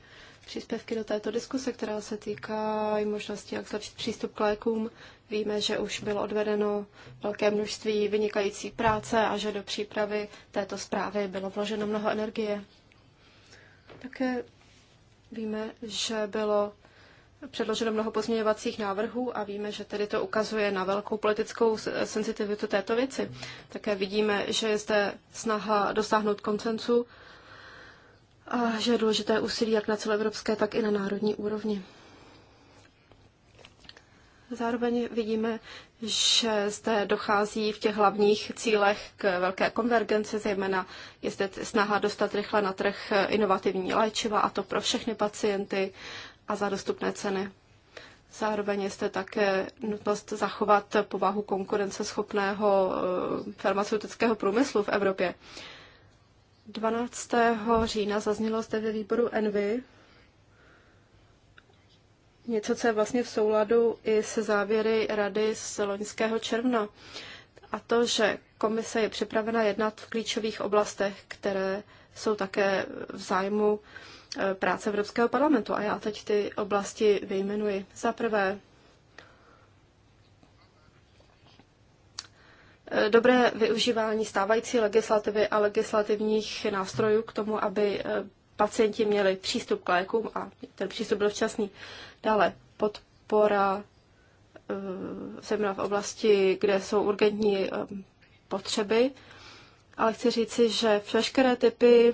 příspěvky do této diskuse, která se týká i možnosti, jak zlepšit přístup k lékům. Víme, že už bylo odvedeno velké množství vynikající práce a že do přípravy této zprávy bylo vloženo mnoho energie. Také víme, že bylo předloženo mnoho pozměňovacích návrhů a víme, že tedy to ukazuje na velkou politickou senzitivitu této věci. Také vidíme, že je zde snaha dosáhnout koncensu a že je důležité úsilí jak na celoevropské, tak i na národní úrovni. Zároveň vidíme, že zde dochází v těch hlavních cílech k velké konvergenci, zejména je zde snaha dostat rychle na trh inovativní léčiva, a to pro všechny pacienty, a za dostupné ceny. Zároveň je zde také nutnost zachovat povahu konkurenceschopného eh, farmaceutického průmyslu v Evropě. 12. října zaznělo zde ve výboru Envy něco, co je vlastně v souladu i se závěry rady z loňského června. A to, že komise je připravena jednat v klíčových oblastech, které jsou také v zájmu Eh, práce Evropského parlamentu. A já teď ty oblasti vyjmenuji. Za prvé, eh, dobré využívání stávající legislativy a legislativních nástrojů k tomu, aby eh, pacienti měli přístup k lékům a ten přístup byl včasný. Dále podpora zejména v oblasti, kde jsou urgentní potřeby, ale chci říci, že veškeré typy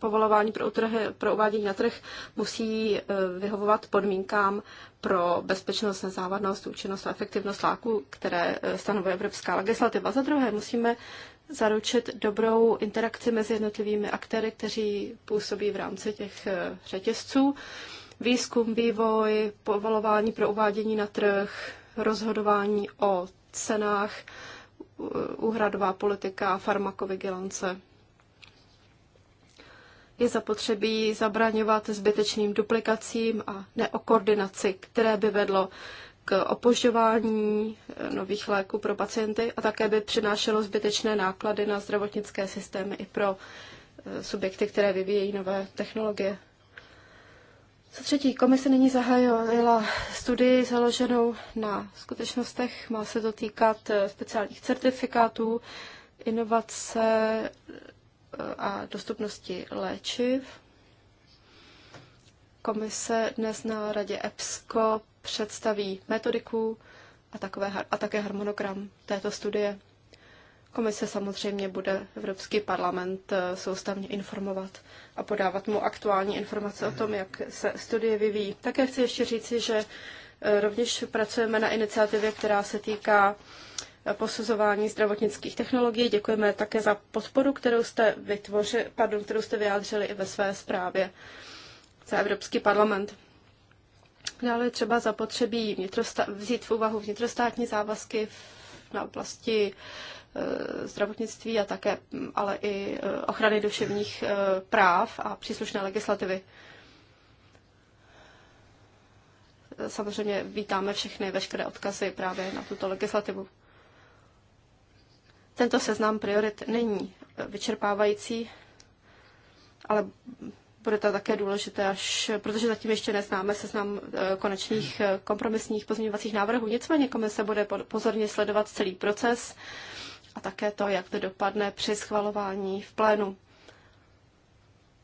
povolování pro, utrhy, pro uvádění na trh musí e, vyhovovat podmínkám pro bezpečnost, nezávadnost, účinnost a efektivnost láku, které e, stanovuje evropská legislativa. Za druhé musíme zaručit dobrou interakci mezi jednotlivými aktéry, kteří působí v rámci těch e, řetězců. Výzkum, vývoj, povolování pro uvádění na trh, rozhodování o cenách, úhradová politika, farmakovigilance je zapotřebí zabraňovat zbytečným duplikacím a neokoordinaci, které by vedlo k opožďování eh, nových léků pro pacienty a také by přinášelo zbytečné náklady na zdravotnické systémy i pro eh, subjekty, které vyvíjejí nové technologie. Za třetí, komise nyní zahájila studii založenou na skutečnostech. Má se to týkat eh, speciálních certifikátů, inovace a dostupnosti léčiv. Komise dnes na radě EPSCO představí metodiku a, takové, a také harmonogram této studie. Komise samozřejmě bude Evropský parlament eh, soustavně informovat a podávat mu aktuální informace o tom, jak se studie vyvíjí. Také chci ještě říci, že eh, rovněž pracujeme na iniciativě, která se týká posuzování zdravotnických technologií. Děkujeme také za podporu, kterou jste, vytvoři, pardon, kterou jste vyjádřili i ve své zprávě za Evropský parlament. Dále třeba zapotřebí vzít v úvahu vnitrostátní závazky na oblasti e, zdravotnictví a také ale i e, ochrany duševních e, práv a příslušné legislativy. Samozřejmě vítáme všechny veškeré odkazy právě na tuto legislativu. Tento seznam priorit není eh, vyčerpávající, ale bude to také důležité, až, protože zatím ještě neznáme seznam eh, konečných eh, kompromisních pozměňovacích návrhů. Nicméně komise bude pozorně sledovat celý proces a také to, jak to dopadne při schvalování v plénu.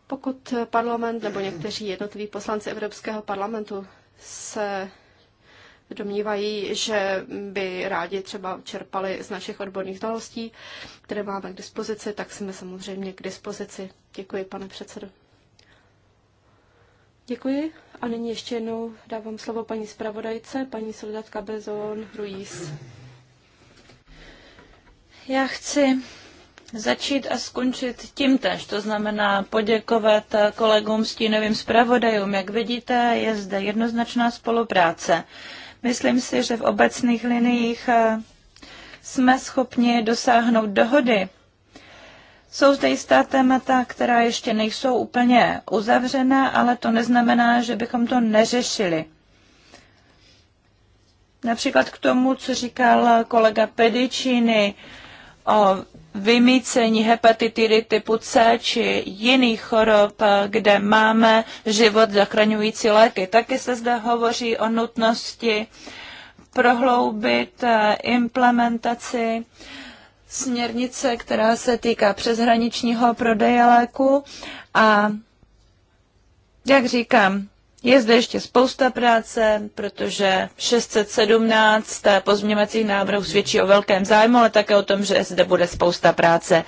Pokud parlament nebo někteří jednotliví poslanci Evropského parlamentu se domnívají, že by rádi třeba čerpali z našich odborných znalostí, které máme k dispozici, tak jsme samozřejmě k dispozici. Děkuji, pane předsedo. Děkuji a nyní ještě jednou dávám slovo paní zpravodajce, paní Soledad Cabezon Ruiz. Já chci začít a skončit tím tež, to znamená poděkovat kolegům stínovým zpravodajům. Jak vidíte, je zde jednoznačná spolupráce. Myslím si, že v obecných liniích eh, jsme schopni dosáhnout dohody. Jsou zde jistá témata, která ještě nejsou úplně uzavřená, ale to neznamená, že bychom to neřešili. Například k tomu, co říkal kolega Pedicini o vymícení hepatitidy typu C či jiných chorob, kde máme život zachraňující léky. Taky se zde hovoří o nutnosti prohloubit eh, implementaci směrnice, která se týká přeshraničního prodeje léku a jak říkám, je zde ještě spousta práce, protože 617 pozměňovacích návrhů svědčí o velkém zájmu, ale také o tom, že zde bude spousta práce.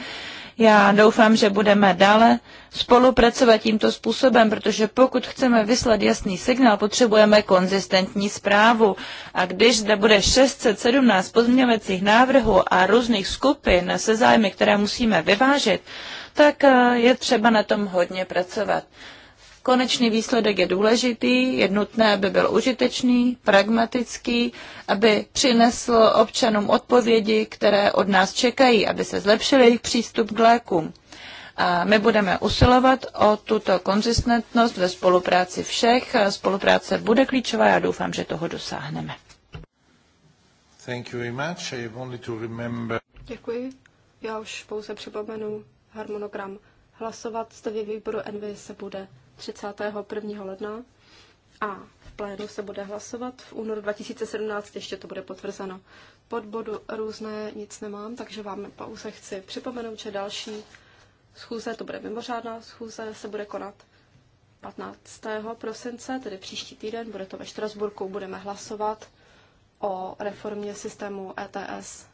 Já doufám, že budeme dále spolupracovat tímto způsobem, protože pokud chceme vyslat jasný signál, potřebujeme konzistentní zprávu. A když zde bude 617 pozměňovacích návrhů a různých skupin se zájmy, které musíme vyvážit, tak eh, je třeba na tom hodně pracovat. Konečný výsledek je důležitý, je nutné, aby byl užitečný, pragmatický, aby přinesl občanům odpovědi, které od nás čekají, aby se zlepšil jejich přístup k lékům. A my budeme usilovat o tuto konzistentnost ve spolupráci všech. Spolupráce bude klíčová, a doufám, že toho dosáhneme. Děkuji. Já už pouze připomenu harmonogram. Hlasovat zde výboru NV se bude 31. ledna a v plénu se bude hlasovat. V únoru 2017 ještě to bude potvrzeno. Pod bodu různé nic nemám, takže vám pouze chci připomenout, že další schůze, to bude mimořádná schůze, se bude konat 15. prosince, tedy příští týden, bude to ve Štrasburku, budeme hlasovat o reformě systému ETS.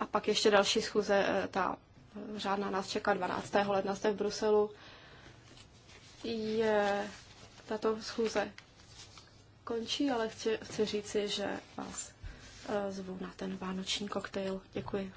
A pak ještě další schůze, eh, ta eh, řádná nás čeká 12. ledna zde v Bruselu je tato schůze končí, ale chci, chci říci, že vás eh, zvu na ten vánoční koktejl. Děkuji.